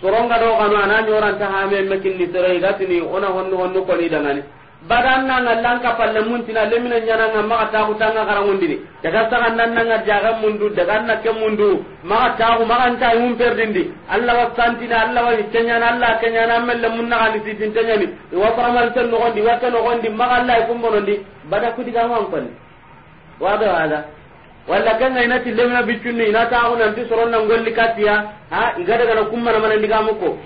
soronga do kanu ana nyoranta hame ni sere igatini ona honnu honnu koni dangani badan nan ngallan ka palle muntina lemina nyana nga maka ta ku tanga mun dini daga kan nan nga jaga du daga na ke du maka ta ku maka ta per dindi allah wa santina allah wa kenya na allah kenya na melle mun na ali sitin tenya ni wa faramal tan no gondi wa tan no gondi ma allah e ku monondi bada badaku diga wan pan wado hada walla kanga ina tille mina bicunni ina taxu nanti soronna ngolli kattiya a iga dagana ndiga mana ndigamuko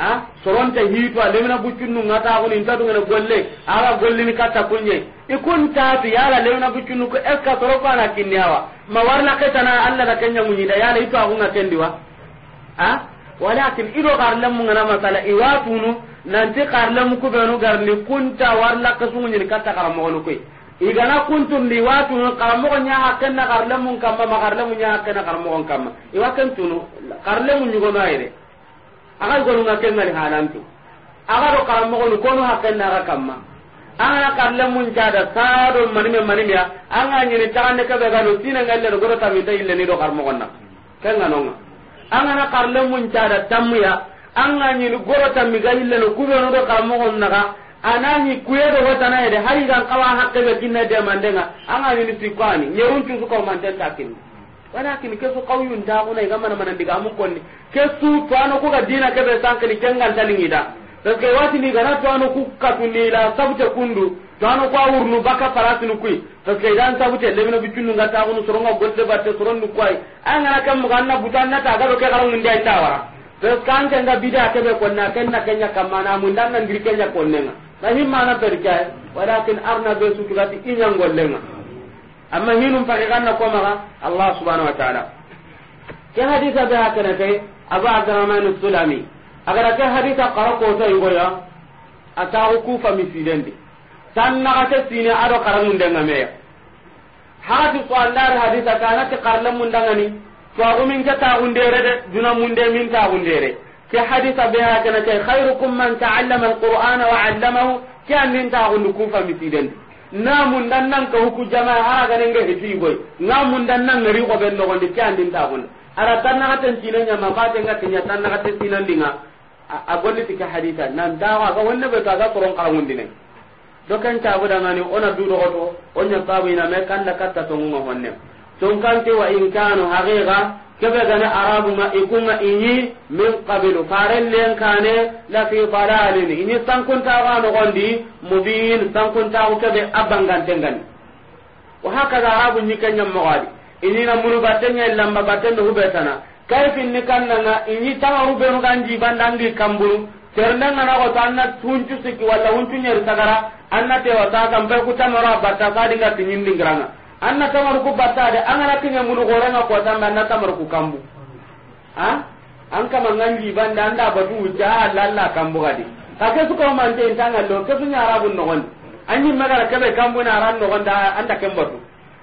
a soronta hiitu a lemina buccunnu nga taxuni inta dungene golle ara ni katta kunye ikun taatu yala lemina buccunnu ko est ce que soro ko ana kinni awa ma warna na allah na kenya da yala itu axunga kendiwa a walakin ido xarlemu ngana masala iwatunu nanti xarlemu kubenu ni kunta warla kesunguñini katta xaramoxonu koy igana kuntundi watunu karamogo ñahakenna karlemun kamma ma karlemu ñahakenna karamogon kamma iwa kentunu karlemu ñugono ayre aga gonunga kengali hanantu aga do karamogonu konu ha hakenna aga kamma angana karlemun cada sado manime manimya anga ñini taxande keɓe gano sinengalleno godo taminta illeni do karamogonna kenganonga angana karlemun cada tammuya anga ñini goro tammi ga illeno kuɓenu do karamogonu naga anani kuyedo hotana yede hari gan kawa hakke be kinna de mandenga anga ni tikwani nyerun chu ko manten takin walakin ke su qawiyun da kuna ga mana manan diga mun konni ke su tuano ko ga dina ke be sanke ni kengal talingi da daske wati ni ga na tuano ku ka tunni la sabte kundu tuano ko nu baka parasinu kui daske dan sabu sabte lebino bicunnu ga ta kunu soronga golle batte soronnu kwai anga kam ga na butanna ta ga ke garan mun dai tawara daske an ga bida ke be konna kenna kenya kamana mun dan nan dirkenya konnenga na mana berkay walakin arna be su kibati iñangollenga amma hinum pake ganna komaga allah subhanahu wa taala ke hadisa be hakene kai abu abdurahman sulami agar ke hadisa kara kotoyigoya ata kufa misidendi tan naxate sine aɗo karamundenga meya hadis wa allah hadisa kanati karle mundangani to min ta taxundere de duna munde min ta taxundere ke hadisa be ha kana ke khairukum man ta'allama alqur'ana wa 'allamahu ke anin ta gundu kufa misiden na mun dan nan ka huku jama'a ha ga nan ga hiti boy na mun dan nan ngari ko ben dogonde ke anin ta gundu ara tan na tan tinan nya ma ba tan ga tinya tan na tan tinan dinga a gondi tike hadisa nan dawa ga wonne be ka ga koron karangun dinai do kan ta buda ngani ona du do goto onya babu ina me kan da katta to ngunga honne ton kan te wa in kanu haqiqa kebe gane arabu ma ikunga inyi min qabilu farellen kane la fi dalalin inyi sankunta ga no gondi mubin ta ko kebe abangantengan wa haka da arabu nyi kenya mogadi inyi na munu batenya lamba batendo hubetana kaifin ni kanna na inyi tawa rubenu ganji bandangi kamburu ternenga na goto anna tuncu siki walla huncu nyeri sagara anna tewa sa kampe kutamara batta sadinga tinyindingranga anna tamar ku batta de angana kinya munu na ko tan anna tamar ku kambu ha an kama nganji banda anda batu ja lalla kambu gadi ka ke ko man de tanga lo ke sunya arabun no gon anyi magara be kambu na ran no gon da anda kembatu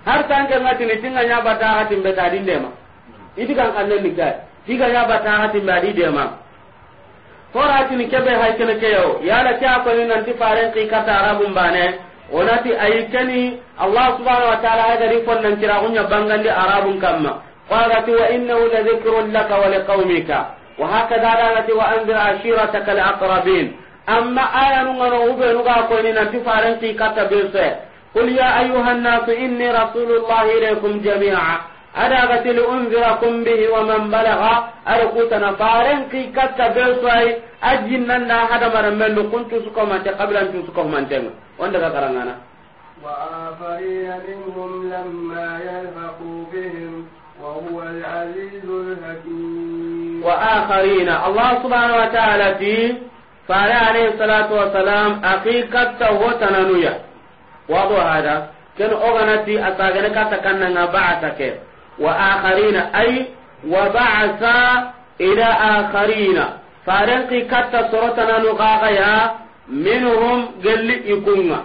har tan ke ngati ni tinga nya ha hatin be tadi ma idi kan kan ni ga tiga nya bata ke be tadi ke horatini kebe haykene keyo yala ke akoni ti faren ki kata arabun mbane. onati ayi keni allah subhanahu wa ta'ala agari fonnan kiragunya bangandi arabun kamma qagati wa innahu la dhikrun laka wa liqaumika wa hakadha lanati wa anzir ashirataka al aqrabin amma ayanu ngano ube nuga ko ni nanti faranti kata bese qul ya ayuha an-nas inni rasulullahi ilaykum jami'a ada gati li unzirakum bihi wa man balagha ada kutana faranti kata bese ajinnan na hada maran kuntu sukomante qabla kuntu sukomante wanda ka karanga na wa afariya minhum lamma yalhaqu bihim wa huwa alazizul hakim wa akharina allah subhanahu wa ta'ala ti fara salatu wa salam aqiqatta wa tananuya wa hada kan oganati asagane kata kannanga ba'ata ke wa akharina ay wa ba'atha ila akharina فارنقي كتا سرطنا نقاقيا minhum galli ikunga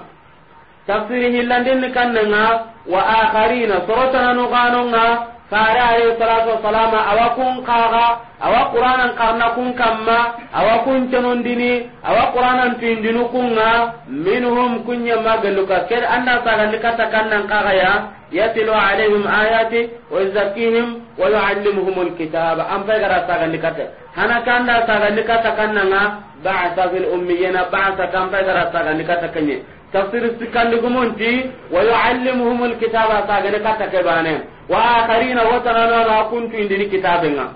tafsiri hillandinni kannanga wa akharina sorotananu ganonga fare alayhi salatu wasalam awa kun kaga awa qur'anan karna kun kamma awa kun canondini awa qur'anan tuindinu kunga minhum kunya magaluka ker anda sagalli kata kannan kaga ya yatlu alaihim ayati wa yuzakkihim wa yuallimuhum alkitaba am fagara sagalli kata hana kanda sagandi kata kannanga ba'sa fil ummiyina ba'sa kam pagara sagandi kata kanye tafsir sikandi gumunti wa yuallimuhum alkitaba sagandi kata kebane wa akharina wa tarana la kuntu indini kitabenga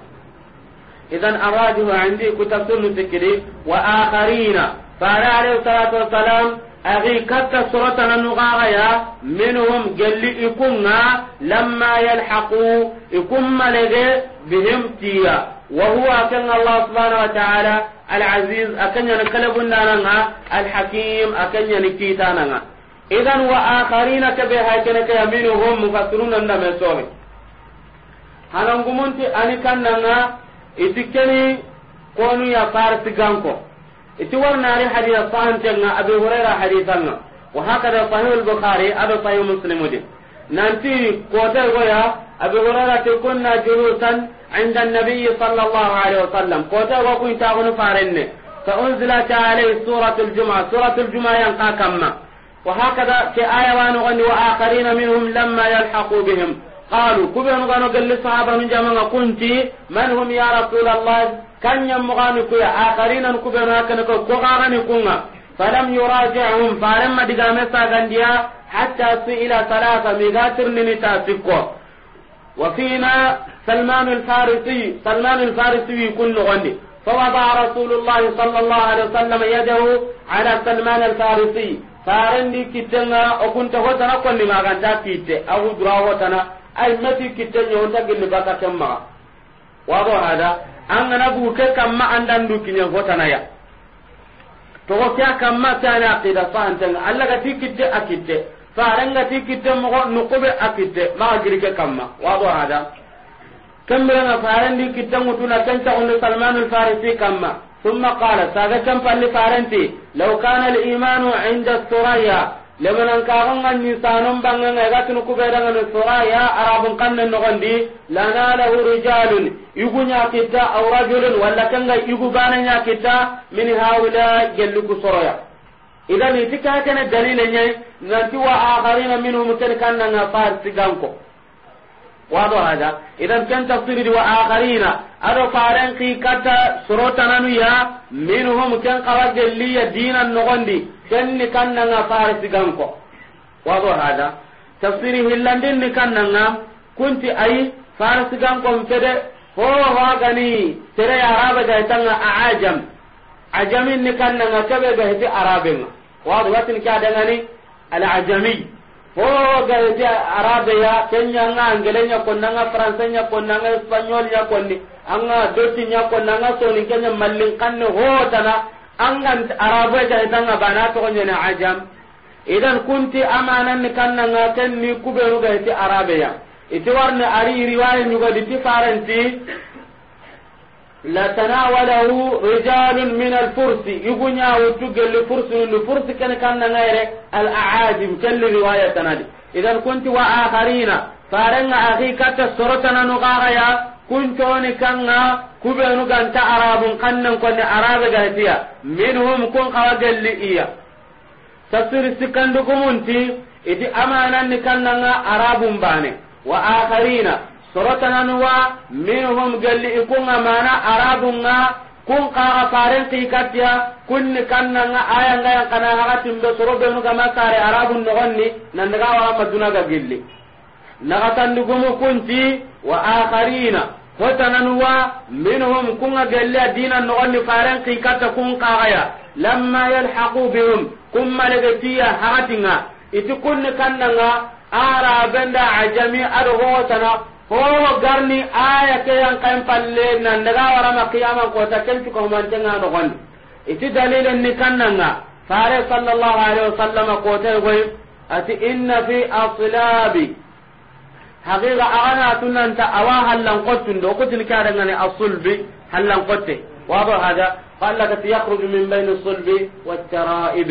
idan arajuhu indi kutafsir nusikiri wa akharina fara alayhi salatu wassalam أغي كتا سورة النغاية منهم قل إكونا لما يلحقوا إكم لغي بهم تيا wa huwa kan Allah subhanahu wa ta'ala al-aziz akanya ne kalabun nan al-hakim akanya ne kita nan ha idan wa akharin ka be ha kene ka yaminu hum mufassirun nan da me so ne halan gumunti ani kan nan ha itikeni konu ganko iti warna ri hadiya fahim kan na abu huraira wa haka da sahih al-bukhari abu sayyid muslimu din nan ti ko da goya abu huraira ta عند النبي صلى الله عليه وسلم قوتا وكو تاغن فارن فأنزلت عليه سورة الجمعة سورة الجمعة ينقى كما وهكذا في آية وانغني وآخرين منهم لما يلحقوا بهم قالوا كبير غانو قال للصحابة من جماعة كنت من هم يا رسول الله كان يمغاني كويا آخرين كبير هكذا كوغاني كونا فلم يراجعهم فلما دقامتا غنديا حتى سئل ثلاثة ميغاتر نمتا سكوا وفينا سلمان الفارسي سلمان الفارسي كل غني فوضع رسول الله صلى الله عليه وسلم يده على سلمان الفارسي فارندي كتنا وكنت هوتنا كل ما غنتا كيت او درا هوتنا اي متي كتنا هوتا قل بكا كما وابو هذا ان انا بوك كما عندن دوكين هوتنا يا to ko kya kamma kana aqida fa antan Allah ga faranga ti kitte mo nukube akitte ma girike kamma wa do hada kambira na farandi kitte mo tuna tanta on salmanu farisi kamma thumma qala saga kam palli farandi law kana al imanu inda thuraya lamana ka on an nisanon banga na ga tunu kube daga al arabun kanne no gandi lana la rijalun igunya kitta aw rajulun walla kanga igu bananya kitta min hawla idan iti ka kene dalile nyai nanti wa akharina minhum ken kanna na far siganko wa do haja idan ken tafsir di wa akharina ado faren ki kata surata nanu ya minhum ken qawaje liya dinan nogondi ken ni kanna na far siganko wa do haja tafsiri hillandin ni kanna na kunti ay far siganko mfede ho wa gani tere ya rabaga itanga aajam ajami ni kanna nga kabe ga hiti arabe nga wadu wati ni kya dengani ala ajami ho ga hiti arabe ya kenya nga angele nya konna nga franse nya konna nga espanyol nya konni anga doti nya konna nga soni kenya malin kanna ho tana anga arabe ja hita nga bana to konya na ajam idan kunti amana ni kanna nga kenni kubenu ga hiti arabe ya iti warne ari riwaya nyuga diti farenti latanawalahu rijalun min alfursi igunyawutu gelli fursi nundu fursi ken kannangayre alaajim kelli riwayatanadi idan kunti wa akharina farenga ahi katta sorotananu kakaya kuntoni kanga kubenu ganta arabun kannan kone arabe gahetiya minhum kun kawa gelli iya tafsir sikandukumunti iti amananni kannanga arabun bane wa akharina sorotanani wa minhum galli ikunga mana arabunga kun kaga faren kikatiya kunni kannanga ayanga yankana hakatimbe sorobenu gama sare arabun nogonni nandaga wara madunaga gelli nagatandigumu kunti wa akharina hotananuwa minhum kunga gelli adina nogonni faren kikata kun kagaya lamma yalhaqu bihum kun malegetiya hakatinga iti kunni kannanga arabenda ajami ado hotana ho garni aya ke yang kan palle nan daga wara ma qiyama ko ta ken ko man tanga no gon iti dalilan ni kannanga fare sallallahu alaihi wasallam ko ta goy ati inna fi aslabi haqiqa agana tunan ta awa hallan qotun do qutil ka daga ne asulbi hallan qotte wa ba hada qalla ka yakhruju min bayni sulbi wat tara'ib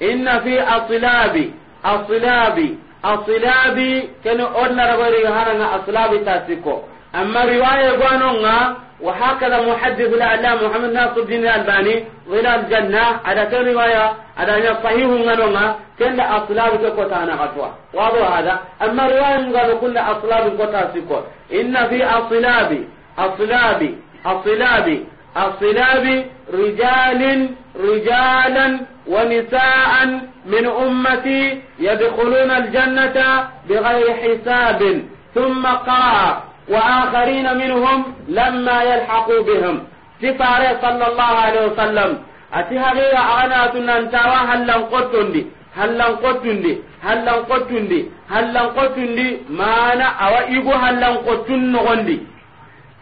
inna fi aslabi aslabi asilabi kene onnara gori hananga asilabi tasiko amma riwaya gwano nga wa hakala muhaddith al muhammad nasir din albani wala janna ada ta riwaya ada nya sahihu ngano nga kende asilabi ke ta na katwa wa bo hada amma riwaya nga do kunna asilabi kota siko inna fi asilabi asilabi asilabi, الصلاب رجال رجالا ونساء من أمتي يدخلون الجنة بغير حساب ثم قرأ وآخرين منهم لما يلحقوا بهم سفاري صلى الله عليه وسلم أتي هغير أغنى تنانتاوا هلا قطن hallan kottundi hallan kottundi hallan kottundi mana awa igu hallan kottun nogondi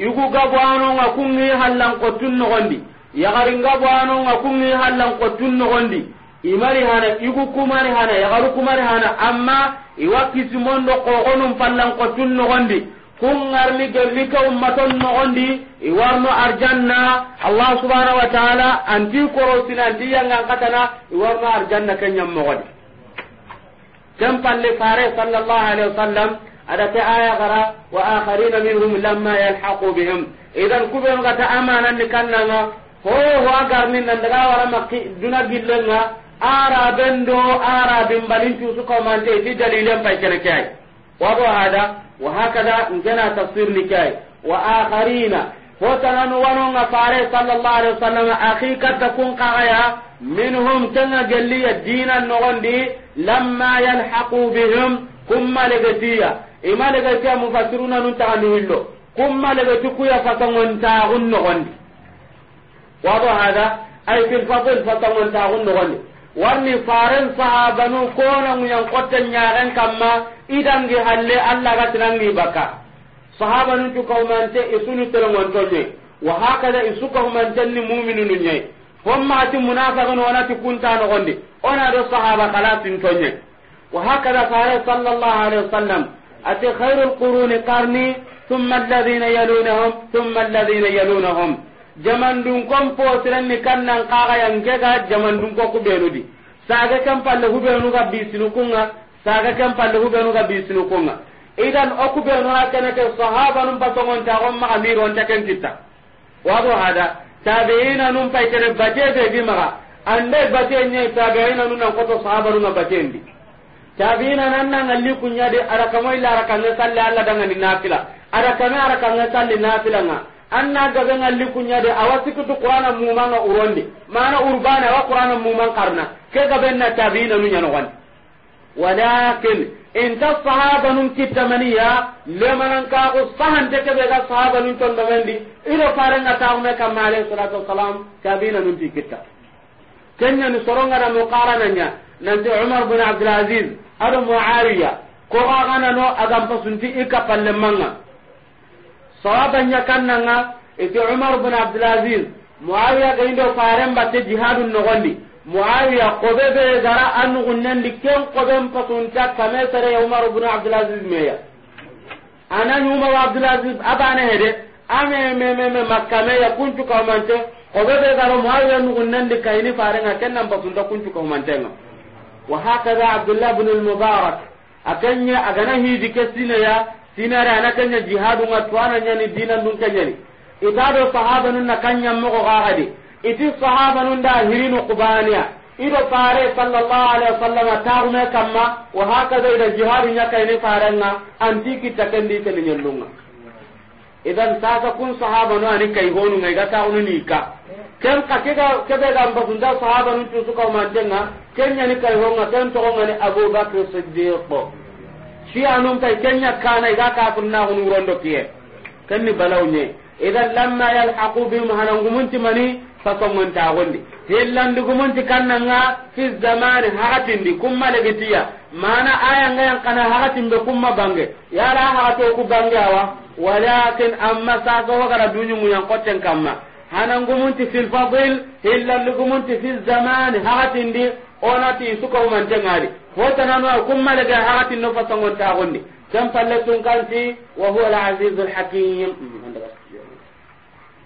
igu nga kungi gondi hallankotun nogondi nga kungi hallankotun gondi imari hana igu kumari hana yagaru kumari hana amma iwa kisi mondo kisimondo kogonum pallankotun nogondi kun arni gelli ke ummaton no gondi iwarno arjanna allah subhanahu wa taala anti korosina anti yangankatana iwarno arjanna ke ñammogodi gondi palle fare sallallahu alaihi wasallam ada ta aya gara wa akharina minhum lamma yalhaqu bihim idan kuben gata amanan ni kannanga ho ho agar min nan daga wara makki duna gillenga ara bendo ara bimbalin tu su ko man te ti dalilan pa kene kai wa do hada wa hakada ngena tafsir ni kai wa akharina ho tananu wano nga fare sallallahu alaihi wasallam akika takun qaya minhum tanga galliya dinan nogondi lamma yalhaqu bihim kumma legatiya ima daga tiya mufassiruna nun ta ni hillo kumma daga tuku ya fatangon ta gun no gondi wado hada ay fil fadl fatangon ta gun no gondi warni faran sahabanu ko na mu yan kotta nyaaren kamma idan gi halle allah ga tinangi baka sahabanu tu kaumante isunu telongon toje wa hakada isuka humantanni mu'minun nyai homma ati munafiqun onati kunta no gondi ona do sahaba kala tin tonye wa hakada faran sallallahu alaihi wasallam ati khairul quruni qarni thumma alladhina yalunahum thumma alladhina yalunahum jamandun kon ni kannan kaga yanke ga jamandun ko kubenudi saga kan palle hubenu ga bisinu kunga saga kan palle hubenu ga bisinu kunga idan okubenu hakana ke sahaba num patongon ta on ma amiro on ta kan kitta wado hada tabiina num paitere baje be bi maga ande baje nye tabiina num nan ko to sahaba num baje ndi tabina nan nan alli kunya de kama illa arakange salli alla daga ni nafila arakame arakange salli nafila nga anna gabe ngalli kunya de awasiku tu qur'ana mumanga urondi mana urbana wa qur'ana muman karna ke gabe na tabina nu nyano wan walakin in ta sahaba nun kitamaniya lemanan ka ko sahan de ke ga sahaba nun ton da wendi ido faranga taawme kam alayhi salatu wassalam tabina nun ti kitta kenya ni soronga da muqarana nya nanti umar bin abdulaziz aɗo muariya ko xaxanano agampa sunti i kapalle manga sawabanya kannanga iti umar bin abdulaziz muariya gaindo faren batte jihadu nogondi muawiya kobe be gara annugunnendi ken koben pasunta kame sere umar ibn abdulaziz meya anani umar abdulaziz abane hede ame me me me mememe makkameya kuncu kaumante kobe be gara muawiya nugunnendi kaini farenga ken nan pasunta kuncu kaumantenga وهكذا عبد الله بن المبارك أكنيا أغنى هيدي كسينا يا سينا رانا كنيا جهاد وطوانا يعني دينا دون كنيا إتادو صحابة ننا كنيا مغو غاهدي إتي صحابة ننا هرين قبانيا ido fare sallallahu alaihi wasallam tagume kamma wa hakaza ida jihadu nyaka ini farenga antiki takendi tenyellunga idan sasa kun sahaba no ani kai honu ngai ga taunu ni ka ken ka ke ga ke be ga mbagun da sahaba nu tu su ka ma ken ni kai honga ken to honga ni Abu Bakr Siddiq shi anum kai kenya kana ga ka kunna hunu rondo kiye ken ni balaw ne idan lamma mu hana hanangumunti mani fasongontagondi kannan ga fi zamani hakatindi kumma legitiya mana ayanga yankana hakatimbe kuma bange yala ku bange awa walakin amma sasa wogara duñunguñankotten kamma fadil fi lfadil hillandigumunti fi zamani di onati sukaumantengaadi no kumma lege ta fasongontagondi ken palle kanti wa huwa alazizu hakim mm,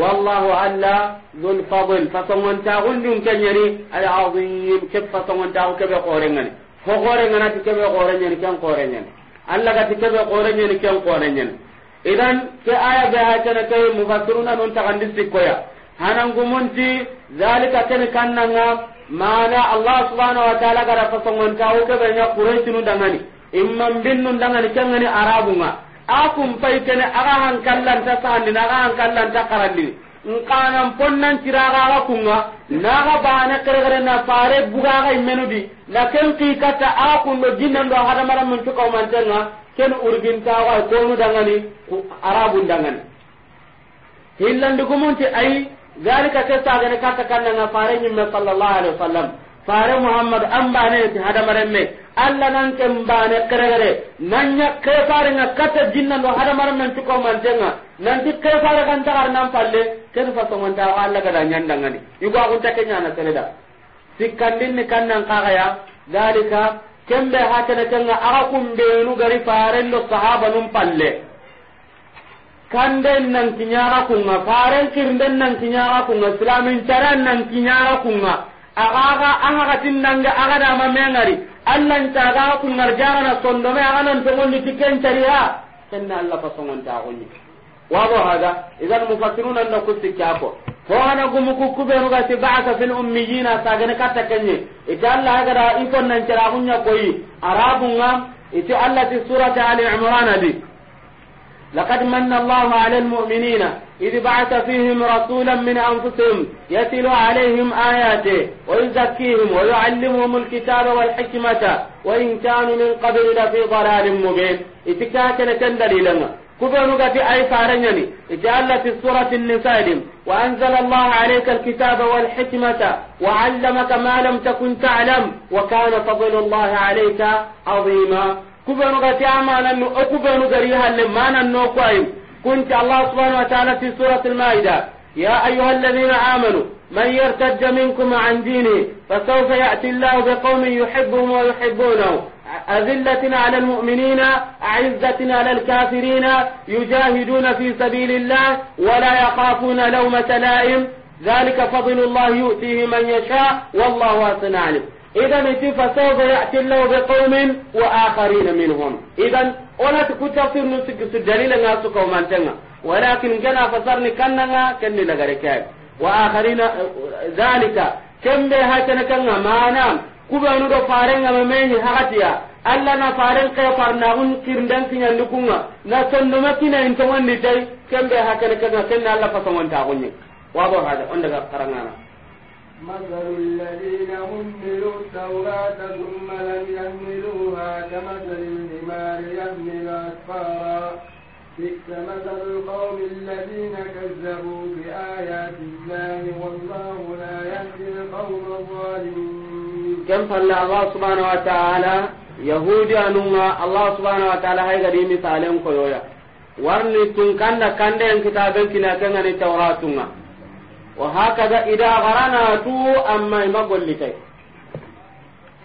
والله ألا ذو الفضل فصمون تاغن دون كنيري العظيم كيف فصمون تاغو كبه قورنغني فقورنغنا تكبه قورنغني كان قورنغني ألا كتكبه قورنغني كان قورنغني إذن كآية بها كان كي مفسرون أن تغندس كويا hanangumunti zalika ken kannanga mana allah subhanahu wa ta'ala gara fasongon tawo kebe nya quraishinu dangani imman binnu dangani kengani arabunga a kumpai kene aga hankallanta sahandini aga hankallanta karandini nkanan ponnan tiraga aga kunga naga bane kerekere na fare bugaga immenudi na ken kikata aga kundo jinnando hadamara mun cukamantenga ken urgintaga konu dangani arabun dangani hillandigumunti ayi ذلك تساغن كاتا كان فارين من صلى الله عليه وسلم فارين محمد أم بانيتي هذا مرمي alla nan ken bane keregere nanya kefare nga kata jinna no hada maran nan tuko mantenga nanti kefare kan tagar nan palle ken fa to manta alla gada nyanda ngani igo akun take da seleda sikkandin ni kannan kaga ya dalika kembe hakene kenga aga kumbenu gari faren do sahaba num palle kanden nan kinyara kunga faren kirden nan kinyara kunga islamin taran nan kinyara kunga aga aga aga tin nanga aga da ma mengari allan caga kungar jarana sondome aganan togondi ti kencariha kenne allah wa wabo haga idan mufassiruna anda ku sikkako hoana gumu kukkuɓenugati baasa fil ummiyina sagene katta kenye iti allah agada i konnanceraxuña koyi nga ite allah ti surata ali imran adi laqad manna allahu ala muminina إذ بعث فيهم رسولا من أنفسهم يتلو عليهم آياته ويزكيهم ويعلمهم الكتاب والحكمة وإن كانوا من قبل لفي ضلال مبين إتكاكنا دليلا كبروا في أي فارنني إتألى في سورة النساء وأنزل الله عليك الكتاب والحكمة وعلمك ما لم تكن تعلم وكان فضل الله عليك عظيما كبروا في أمانا أكبروا قريها لما ننوكوين كنت الله سبحانه وتعالى في سورة المائدة يا أيها الذين آمنوا من يرتد منكم عن دينه فسوف يأتي الله بقوم يحبهم ويحبونه أذلة على المؤمنين أعزة على الكافرين يجاهدون في سبيل الله ولا يخافون لومة لائم ذلك فضل الله يؤتيه من يشاء والله واسع عليم idan iti fasawfa yati llahu biqaumin wa akharina minhum idan onati ku tafsir nu sigisu dalila nga su kaumantenga walakin gana fasarni kannanga kenni lagare kay wa akharina zalika kembe hakana kanga manam kubanu do farenga memehi hakatiya alla na faren kay farnaun kirndan kinyandu kunga na sonno makina intondi tay kembe hakana kanga kenna alla fasawanta kunni wa bo hada onda karangana مثل الذين حملوا التوراة ثم لم يحملوها كمثل الحمار يحمل أسفارا بئس مثل القوم الذين كذبوا بآيات الله والله لا يهدي القوم الظالمين كم صلى الله سبحانه وتعالى yahudi anunga allah subhanahu wa ta'ala hay gadi misalen koyoya warni tun kanda kanda yang kitaben kina kanga ni tawratunga وهكذا إذا غرناتوا أما Tun قلتي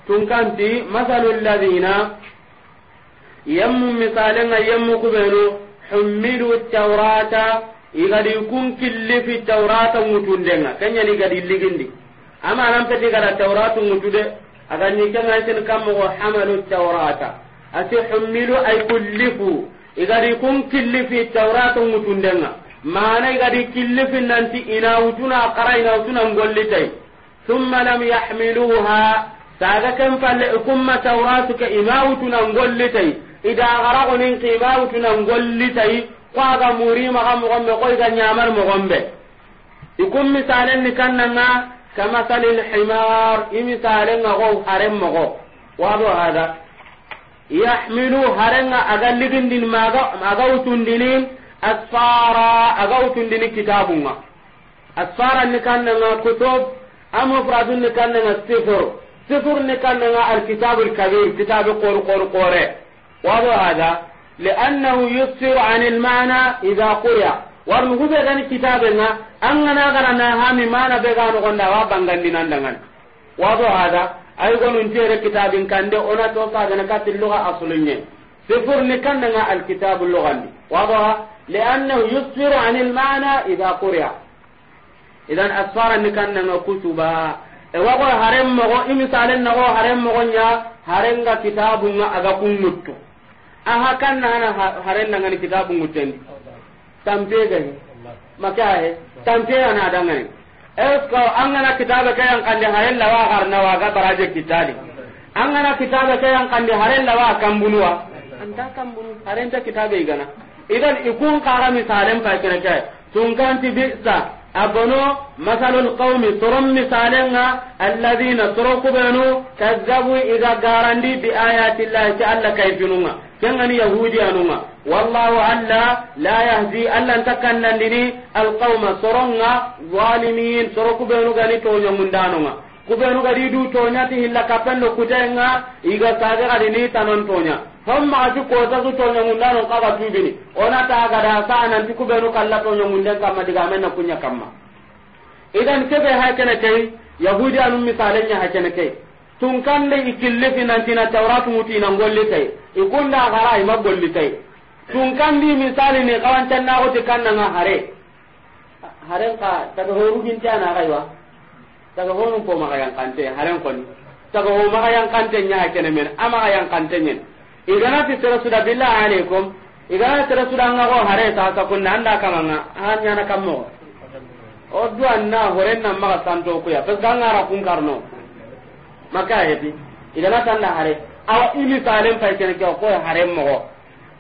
تنكنتي مثل الذين يم مثالنا يم كبيرو حملوا التوراة igadi kun killi fi tawrata ngutundenga kanya ni gadi ligindi ama anan peti gada tawratu ngutude aga ni kanga tin kammo ko hamalu tawrata ay igadi kun killi fi tawrata ngutundenga manai gadi killi finnanti ina wutuna qara ina wutuna ngollitai thumma lam yahmiluha saga kan falle kumma tawratuka ina wutuna ngollitai ida qara onin ina wutuna ngollitai kwaga muri ma maga mogombe koy ga nyamar mogombe ikum misalen ni kannanga kama salil himar imisalen ngago harem mogo wado hada yahmilu harenga agallidindin maga aga wutundinin asfara agawtundini kitabunga asfara ni kannanga kutub amufradun ni kannanga sifr sifr ni kannanga alkitabu lkabir kitabu kor kor kore wado hada liannahu maana ani lmana ida quriya warni hube gani kitabenga angana na hami mana be gonda nogonda wa bangandinandangan hada hada gonu ntire kitabu kande ona to sagana katilluga asulunye sifurni kannanga alkitabu lugandi wadoha liannahu yusfiru ani lmana ida quri'a idan asfarani kannanga kutuba ewago haren mogo imisalen nago haren mogo nya harenga kitabunga aga kunnuttu aha kannana haren dangani kitabu nguttendi tampegani makahe tampe ana dangani esko angana kitaba kayan kande haren lawa garna waga baraje kitali angana kitaba kayan kande haren lawa kambunuwa anta ta kita gai gana idan ikun kara misalen fa kira kai tun ti bisa agono masalul qaumi turum misalenga alladhina banu kazzabu iga garandi bi ayati llahi ta alla kan kengani yahudi anunga wallahu alla la yahdi alla ntakannandini alqauma soronga zalimin banu gani to nyamundanunga kubenu gadi du tonya ti hilla kapendo kutenga iga saga gadi ni tanon tonya homma aju kota su tonya dano no kaga tubini ona ta gada sa nan ti kubenu kalla tonya den kama diga menna kunya kama idan kebe ha kana kai yahudi anum misalenya ha kana kai tun kan da ikille finantina tawratu mutina ngolli kai ikunda gara ima golli kai tun kan di misali ne kawancan na ko ti kan na hare hare ka ta horugin ta na kaiwa taga honum ko maga yankante haren koni taga ho maga yankante nya kene men ama ga yankante nyen igana ti tara suda billahi alaikum igana tara suda nga ko hare ta ta kun nan da kama nga han yana kammo o du anna horen nan maga santo ko ya pes ganga ra kun karno maka yeti igana tan da hare awa ili talen pa kene ko hare mo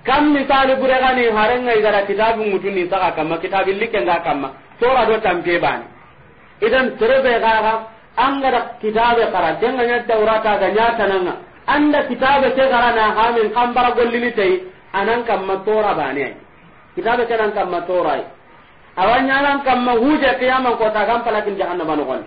kam misali bure gani hare nga igara kitabu mutuni saka kama kitabu likenga kama tora do tampe bani idan terebe gara anga da kitabe kara denga nya taurata ga nya tananga anda kitabe te gara na hamin kambara gollini tay anan kam matora bane kitabe te nan kam matora ai awanya nan kam ma huje kiyama ko ta gam palakin jahannama no gon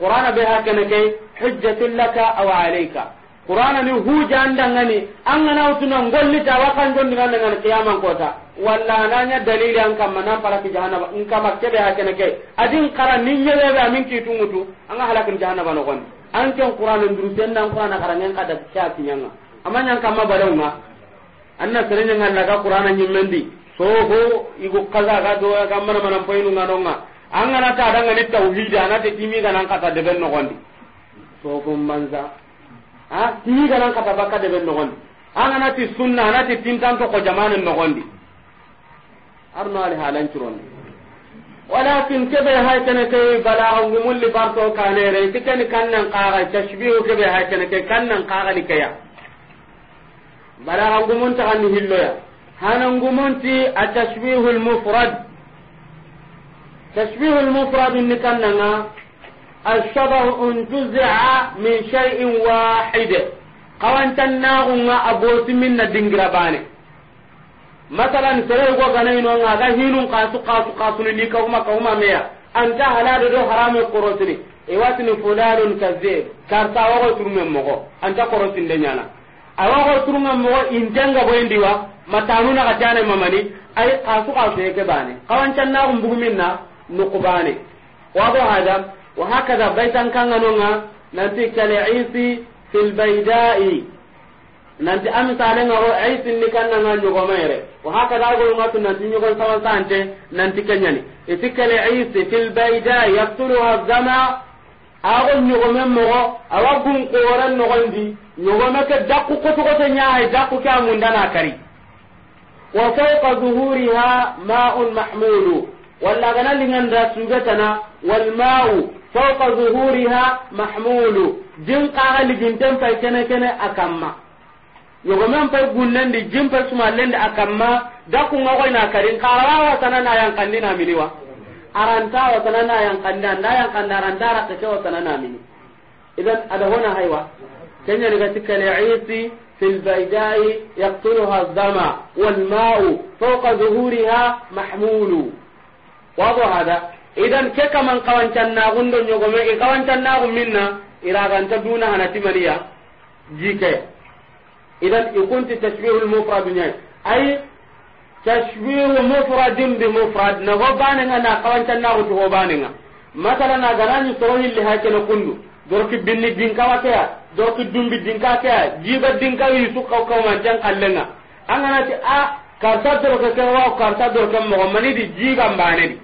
qur'ana be hakene kai hujjatul laka aw alayka qur'ana ni huja andangani angana utuna ngollita wakan jondi ngana ngana kiyaman kota walla nanya dalili an kam nan para ki jahannama in kama kebe hakene ke adin qara ninye be amin ki tumutu anga halakin jahannama no gondi an ken qur'ana ndur nduru tendan qur'ana karangen kada shati nyanga amanya kam ma kamma badawnga anna serenya ngalla ga qur'ana mendi so ho igu kaza ga do ga mana mana poinu nganonga angana ta adanga ni tauhid anate timi ga nan kata deben no gondi so ko manza ha ti ganan kata bakka de ben nogondi angana ti sunna anati tintan to ko jamane nogondi arno ali halan curondi walakin kebe hay tane ke balaga ngumulli barto kanere tikani kannan qara tashbihu kebe hay tane ke kannan qara ni kaya bala balaga mun ta kan hilloya hanan ngumunti atashbihul mufrad tashbihul mufrad ni kannanga الشبه ان جزع من شيء واحد قوانت تناغنا أبوت من دنجرباني مثلا سرعي وغنين وغا هين قاسو قاسو قاسو لنكهما كهما ميا أنت هلال دو حرام قرسني إيواتن فلان كذب كارتا وغو ترمي مغو أنت قرسن دنيانا awago turunga mogo إن جنغ بوين ديوا ما ay kasu kasu أي قاسو قاسو يكباني قوانت na nuku نقباني وابو هذا wa hakada baitan kanganonga nanti kal'isi fil baydai nanti amisale nga o aisin ni kanna nga nyugo mere wa hakada go nga tun nanti nyugo sawan sante nanti kenyani itikale aisi fil bayda yaqtuluha zama ago nyugo memmo go awagun qoran no gondi nyugo meke dakku koto koto nyaay dakku ka mundana kari wa fawqa zuhuriha wal فوق ظهورها محمول جن kene جنتن فاي كنا كنا أكما yogomen pay gunnendi jim pay sumallendi a kamma dakkunga koyna karin karawa watanana yankandi naminiwa aranta watanana yankandi anda yankandi aranta rakeke watanana mini idan ada hona haywa kenyaniga kalisi في البيداء يقتلها الظما والماء فوق ظهورها محمول واضح هذا idan ke kaman kawancannaxundo me i kawancannaxu min na iraganta duna hanati mariya jike idan ikunti tashbihu lmufradu ñay ay tashbihu mufradin bi mufrad nago banenga na kawancan kawancannaxuti ho banenga masalan aganañi soro hilli ha kene kundu dorki binni dinkawa keya dorki dumbi dinka keya jiba dinka su kaw ma kawmanten kallenga anganati a karsa doroke ke wa karsa doroke di manidi jigan banedi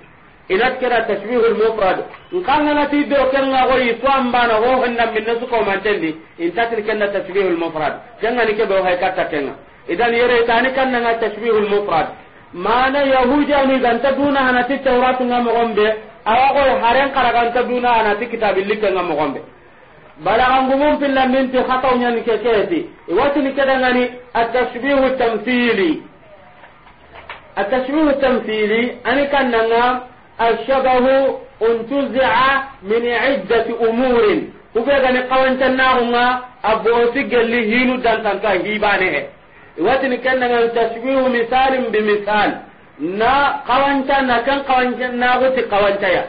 ina kera tashbihul mufrad nkangana ti be kenga go yi to ambana ho honna minna su ko mantendi intakin kenna tashbihul mufrad kenga ni ke be hay katta kenga idan yere tani kanna na tashbihul mufrad mana yahuja ni ganta duna hanati tawrat nga mo gombe awa go haren karaganta duna hanati kitabil likenga mo gombe balagangumum pilla minti hatawñani ke ni keeti iwatini kedangani atashbihu tamthili atashbihu tamthili ani kannanga الشبه انتزع من عدة أمور وبيغني قوان تناهما أبو سجل لهينو دانتان كهيبانه واتن كان تشبيه مثال بمثال نا قوان تنا كان قوان ناغتي قوان تيا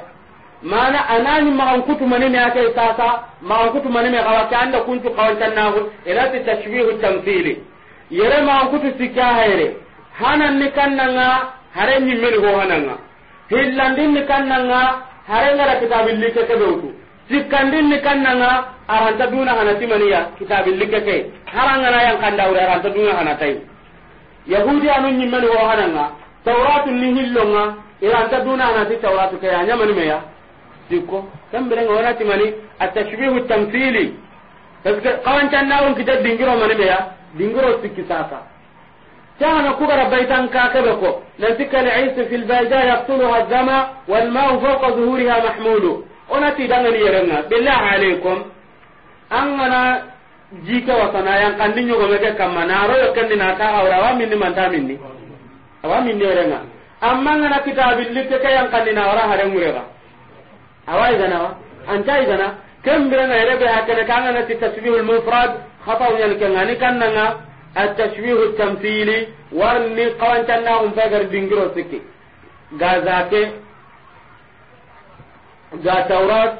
mana anani magan kutu mani me akai sasa magan kutu mani me gawaki anda kuntu kawantan nahu irati tashbihu tamthili yere magan kutu sikya haire hanan ni kannanga hare nyimmini ho hananga hillandin ni kannanga harengara kitabilli keke ɓeutu sikkandin ni kannanga aranta duna hana timaniya kitabilli keke harangana yankandawre aranta duna hana tai yahudi anu ñimmeni wo hananga tawratu ni hillonga iranta duna ti tawratu ke añamani meya sikko kambirenga wonatimani atashbihu tamthili parce que kitab kita dingiro mani meya dingiro sikki sasa كان كبر بيتا كاكبكو نتك العيس في البيداء يقتلها الدم والماء فوق ظهورها محمول ونتي دغني يرنا بالله عليكم أننا jike wasana yan kandi ñogomeke kamma naaro yokkendi na taxa wara awa minni manta minni awa minni erenga amma ngana kitabilli keke yan kandi na wara harengurega awa iganawa anta igana ken birenga yerebe hakene kangana ti tasbihul mufrad xatawñani kenga ni kannanga التشويه التمثيلي ورني قوان تناهم فاقر دنجرو سكي غازاكي قا تورات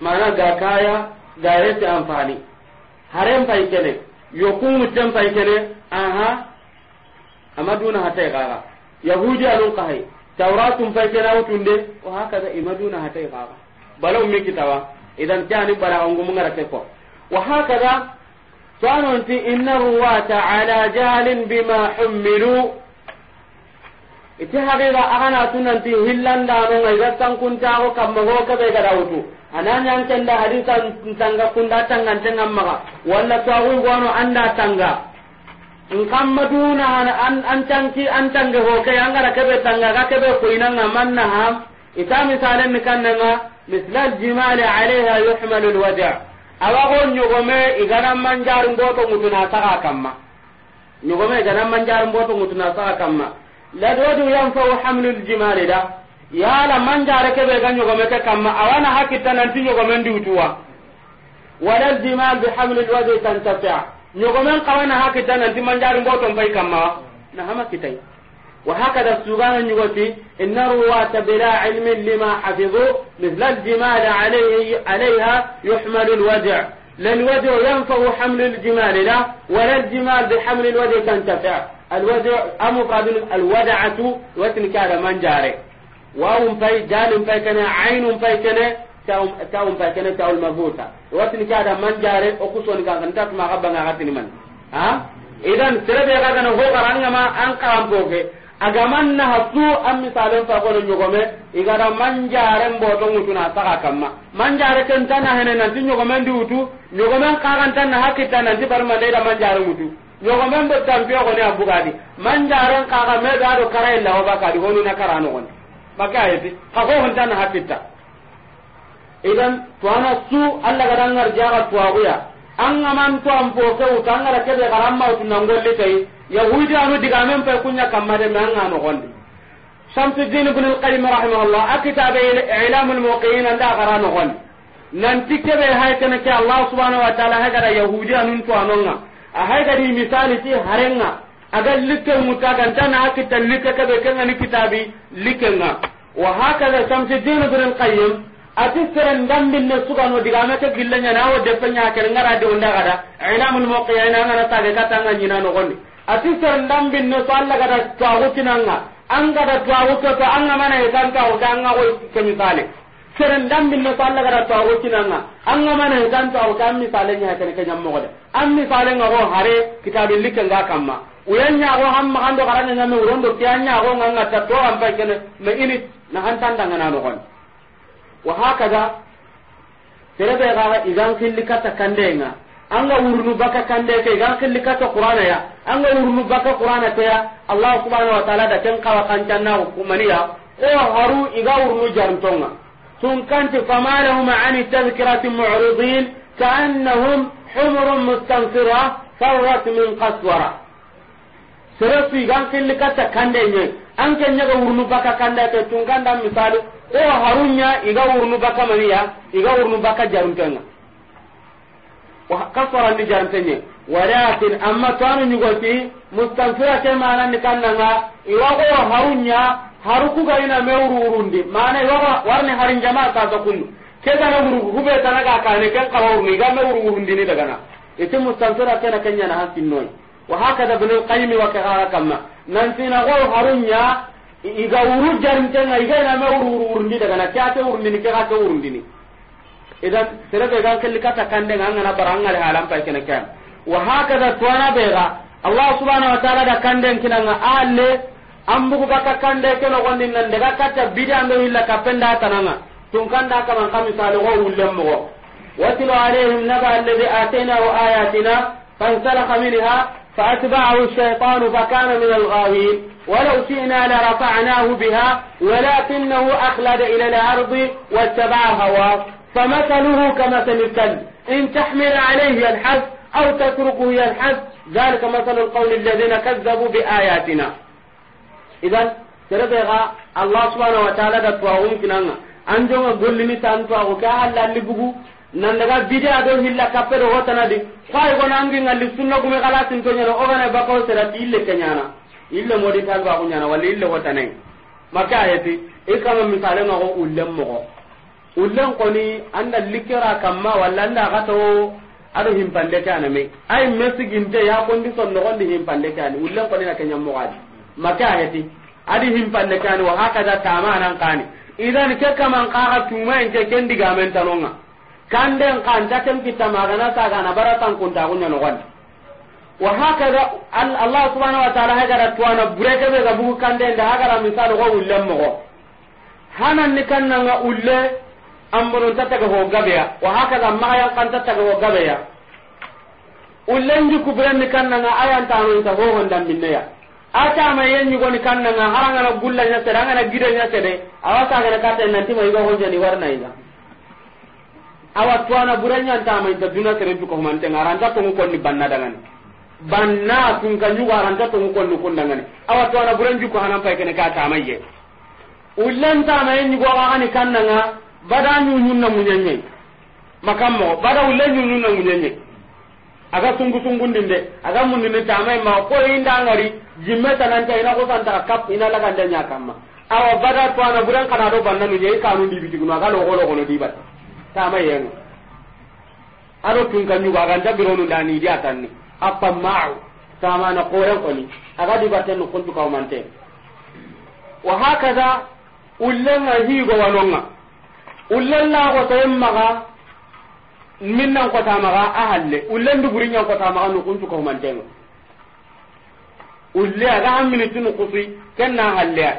معنى قا كايا قا يسي أنفاني هرين فايكني يقوم التم فايكني أها أما دون هتاي غاغا يهودي ألو قهي تورات فايكنا وتندي وهكذا إما دون هتاي غاغا بلو مي كتابا إذا كان بلا أنقم غركي وهكذا toanonti inna ruwata ala jahlin bima hummilu iti haqiqa agana tunanti hillandanonga iga sankuntaxo kammago keɓe gada wutu ananyankenda hadisa ntanga kunda tangantengan maga walla toaxuigoano anda tanga nkammaduna an tanki an canza kai tange hoke angara keɓe tanga ga keɓe na mannaham ita misalin misalenni kannanga a aljimali alayha yuhmalu lwaja awago ñogome igana manjar ngoto mutuna saka kamma ñogome igana manjar ngoto mutuna saka kamma ladodu yanfau hamlul jimali da yala manjare keɓe ga ñogome ke kamma awana hakkitta nanti ñogome utuwa wala bi hamlul wadi tantafia ñogomen kawana nan nanti manjar ngoto fay kamma kitai وهكذا السوغان نيوتي إن الرواة بلا علم لما حفظوا مثل الجمال عليه عليها يحمل الوجع لا الوجع ينفع حمل الجمال لا ولا الجمال بحمل الوجع تنتفع الوجع أم قابل الودعة وتن كان من جاري واو فاي جال فاي كان عين فاي كان تاو فاي كان تاو المبوطة وتن كان من جاري أقصون كان تات ما غبنا غتن من ها إذا سربي غدنا هو قرانما أنقام بوكي agaman na hasu an misalen sa kono me igara manjare mboto na saka kamma manjare ken tana hene nanti nyogome ndi utu nyogome kagan tana hakita nanti barma da manjare ngutu nyogome mbo tampio kono abugadi manjare kaga me da do kara la oba kadi honi na karano kono makaya ti ko hon tana hakita idan tuana su alla gadangar jaga tuaguya an gaman to an po ke uta an gara kebe garan ma utu nan golle kai yahudi anu diga men pe kunya kamma de man ngano gondi shamsuddin ibn al-qayyim rahimahullah akitabe ilam al-muqin anda no gondi nan tikebe hay kana ke allah subhanahu wa ta'ala ha gara yahudi anu to anonga a hay gari misali ti harenga aga likke muta kan tan akita likke kebe kan ni kitabi likke nga wa hakaza shamsuddin ibn al-qayyim ati seren dambinne sugano digamete gillenya nawo deppe ñakere ngara de onda gada inamul moqiyana ngana tage katanga ñina nogondi ati seren dambinne so allah gada twagutinanga an gada twagutoto anga manaye kantawoke anga koy ke misale seren dambinne so allah gada twagutinanga anga manaye kantawoke an misale ñakene ke ñammogode an misale nga ko hare kitabillikke nga kamma uyan ñago han maxando garane ñame wurondo ke a ñago nga ngata to an pay kene ma ini na han tandangana nogondi wa haka hakaza serebe gaga igan killi kata kandenga anga wurnu baka kande ke igan killi kata qur'ana ya anga wurnu baka qur'ana te ya allah subhanahu wa ta'ala da ken kawa kancanna ko kumaniya ko haru iga wurnu jarntonga tun kanti famalahum ani tadhkirati mu'ridin ka'annahum humurun mustansira farrat min qaswara seresu igan killi kata kandenga an ken nyaga urnu baka kanda ke tun kanda misali ko harunya iga urnu baka maniya iga urnu baka jarumtenga wa kasara ni jarumtenye walakin amma tanu nyugoti mustanfira ke mana ni kannanga iwa ko harunya haru ku ga ina me ururundi mana iwa warne harin jama'a ka ta kullu ke dana muru hube tanaga kane ken kawo ni ga me ururundi ni daga na ite mustanfira ke na kenya na hasin noy wa hakada ibn al-qayyim wa kaara kamma nan sina go harunya iga uru jarintenga iga na me uru urundi daga na kya ta urundi ni kya ta urundi ni idan serebe ga kalli kata kande ga ngana baranga da halan pa kene kya wa hakada tuwana bega allah subhanahu wa ta'ala da kande kina nga alle ambugo baka kande keno gondi nan daga kata bidan do illa kapenda tananga tun kanda kaman kamisale go عليهم نبأ الذي آتيناه آياتنا فانسلخ منها فأتبعه الشيطان فكان من الغاوين ولو شئنا لرفعناه بها ولكنه أخلد إلى الأرض واتبع هواه فمثله كمثل الكلب إن تحمل عليه ينحف أو تتركه ينحف ذلك مثل القول الذين كذبوا بآياتنا إذا تربيغا الله سبحانه وتعالى دتوا كنانا أن أنجم قل لي تانتوا وكاها اللي nan daga bidia do hilla kappe do hotana di fay e go nangi ngalli sunna gumi kala tin to nyana o gana e bakaw ko sera ille na ille modi ta ba ku nyana wala ille hotana maka ayati e kama misale no go ullem mo go ullem ko ni anda likira kama wala anda gato ado himpande kana me ay mesi ginte ya condition no gondi himpande kana ullem ko ni na kenyam mo gadi maka ayati adi himpande kana wa hakada tamanan kani idan ke kaman kaga tumain ke kendiga men tanonga kande kan ta tan pitta magana ta ga na baratan kun ta kunya no wanda wa hakaza Allah subhanahu wa ta'ala hagara tuwana bureke be ga bugu kande da hagara misal go ullem mo hanan ni kan na ulle amburun ta ta go gabe ya wa hakaza ma ya kan ta ta go gabe ya ullen ju kubren ni kan na ayan ta no ta go hondan binne ya ata ma yen yugo ni kan na haranga na gulla nya seranga na gidanya sede awasa ga k'a ta nan ti ma yugo ho jani warna ina awa tuana burenya nta ma inta duna sere tu ko mante ngaranta to ko ni banna dangane banna kun kan yu garanta to ko ni kun dangane. awa tuana burenju ko hanan pay kene ka ta ma ye ullan ta ma yen go ga ni nga. bada nyu nyun na munyenye makam mo bada ullan nyu nyun na munyenye aga sungu sungu ndinde aga mun ni ta ma ma ko inda ngari jimme tanan ta ina ko santa kap ina laga ndanya kama. awa bada tuana buren kana do banna nyu ye kanu dibi tiguno aga lo ko lo ko no dibata tama yenu ado tun kan yugo aga ndagironu ndani di atanni appa ma'u tama na qoren koni aga di baten no kuntu ka mante wa hakaza ullenga higo wanonga ullella go tayemma ga minnan ko tama ga ahalle ullen du burinya ko tama ga no kuntu ka mante ulle aga amini tunu kusi kenna halle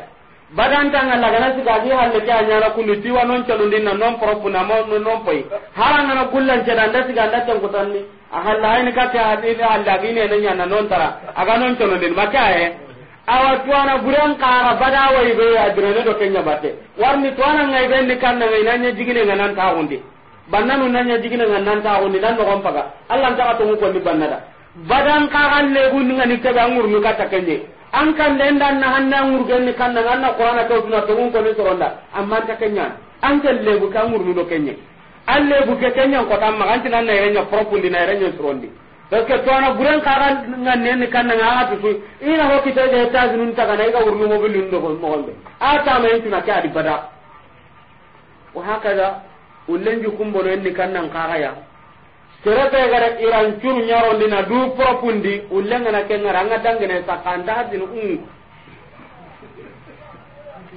nga lagana sigagi halle ke anyana kundu tiwa non calundinna non propuna non na poy harangana gullanceda anda siga anda tenkutanni ahalla ayni kake hadini hallaginene ñanna non tara aga non calundin make aye awa tuwana guren kara badawayi be adirene do kenya batte warni tuwana ngai be ni kanna ngai nanya jigine nga nan taundi banna nu nanya jigine nga nan taundi nan no kompaga allah ta ka tungu ko ni banna da badan ka galle gun nga ni kebe angur ka kata kenye an kan den dan na hanna murgen ni kan nan na qur'ana ko duna to mun ko ni soronda amma ta kenya an kan lebu kan murnu do kenya an lebu ke kenya ko tan ma kan nan na renya propu ni na renya sorondi parce que to na buren ka kan nan ne ni kan nan a tu ina ho kite je ta zinun ta kana ga urnu mo bilun do mo holbe a ta ma entu na ka di bada wa hakaza ullenju kumbono en ni kan nan ka ya serebe gara iran curu nyarondi na du propundi ullenga na kengara anga dangene sakanda hadin um mm.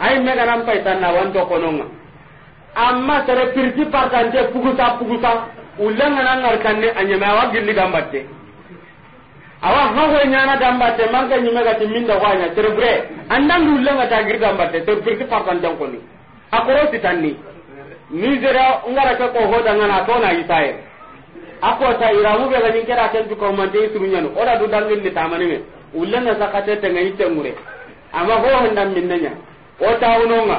ay mega nan pay tanna wanto kononga amma sere pirti partante pugusa pugusa ullenga nan ngar kanne anyama wa gilli gambatte awa hago nyana gambatte manga nyime ga timinda wanya sere bre andan ullenga ta gir gambatte sere pirti partante koni akoro sitanni ni zera ngara ka ko hoda ngana to na isaye akota iramu be ganin kera ken tu ko man dei surunya du dangin ni tamani sakate tenga ite ama ho handa o taunonga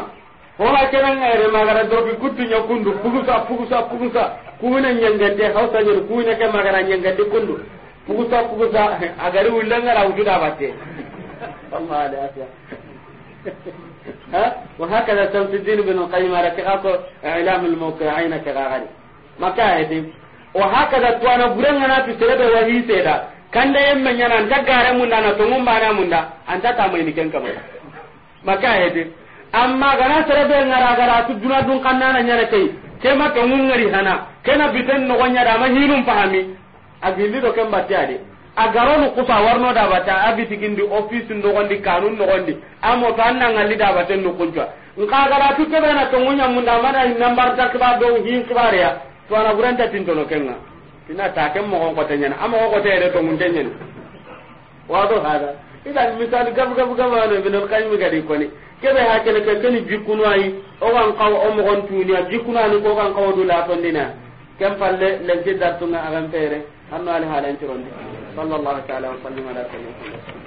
ho ha ere magara do bi kundu pugusa pugusa pugusa kuuna nyangande hausa nyer ke magara nyangande kundu pugusa pugusa [laughs] agari ullanga ra batte Allah alafiya [laughs] ha wa hakaza o haka da tuwa na gudan hakada tuwana burengana tu serebe wahi seda kanda yemme nyana anta gare da na tongum bana ta anta tamayni ken kamata maka ya hede amma ga na gana da ngara gara tu juna dun kan kannana yana kai ke ma kema mun ngari hana ke kena biten no gonya da ma hinun hinum pahami agindi do ken a garo agaronu kusa warno da bata abiti di office ndo gondi kanun no gondi amma to anna ngali da baten no kunjwa nka gara tu kebe na tongunya munda mana nambar ta ba do hin kibare ya to ana buranta tintono kenga ina ta ken mogon kote ñana a mogo kote yede tongunte ñani wato hada idan misali gab gab gabano binol kañumi gadi koni kebe ha kene ke keni jikkunu o ogan kaw o mogon tuniya jikkunu ani ko gan kawo du latondina ken palle lenki dartunga agan feere anno ali halantirondi sallallahu taala wa sallim ala sayyidina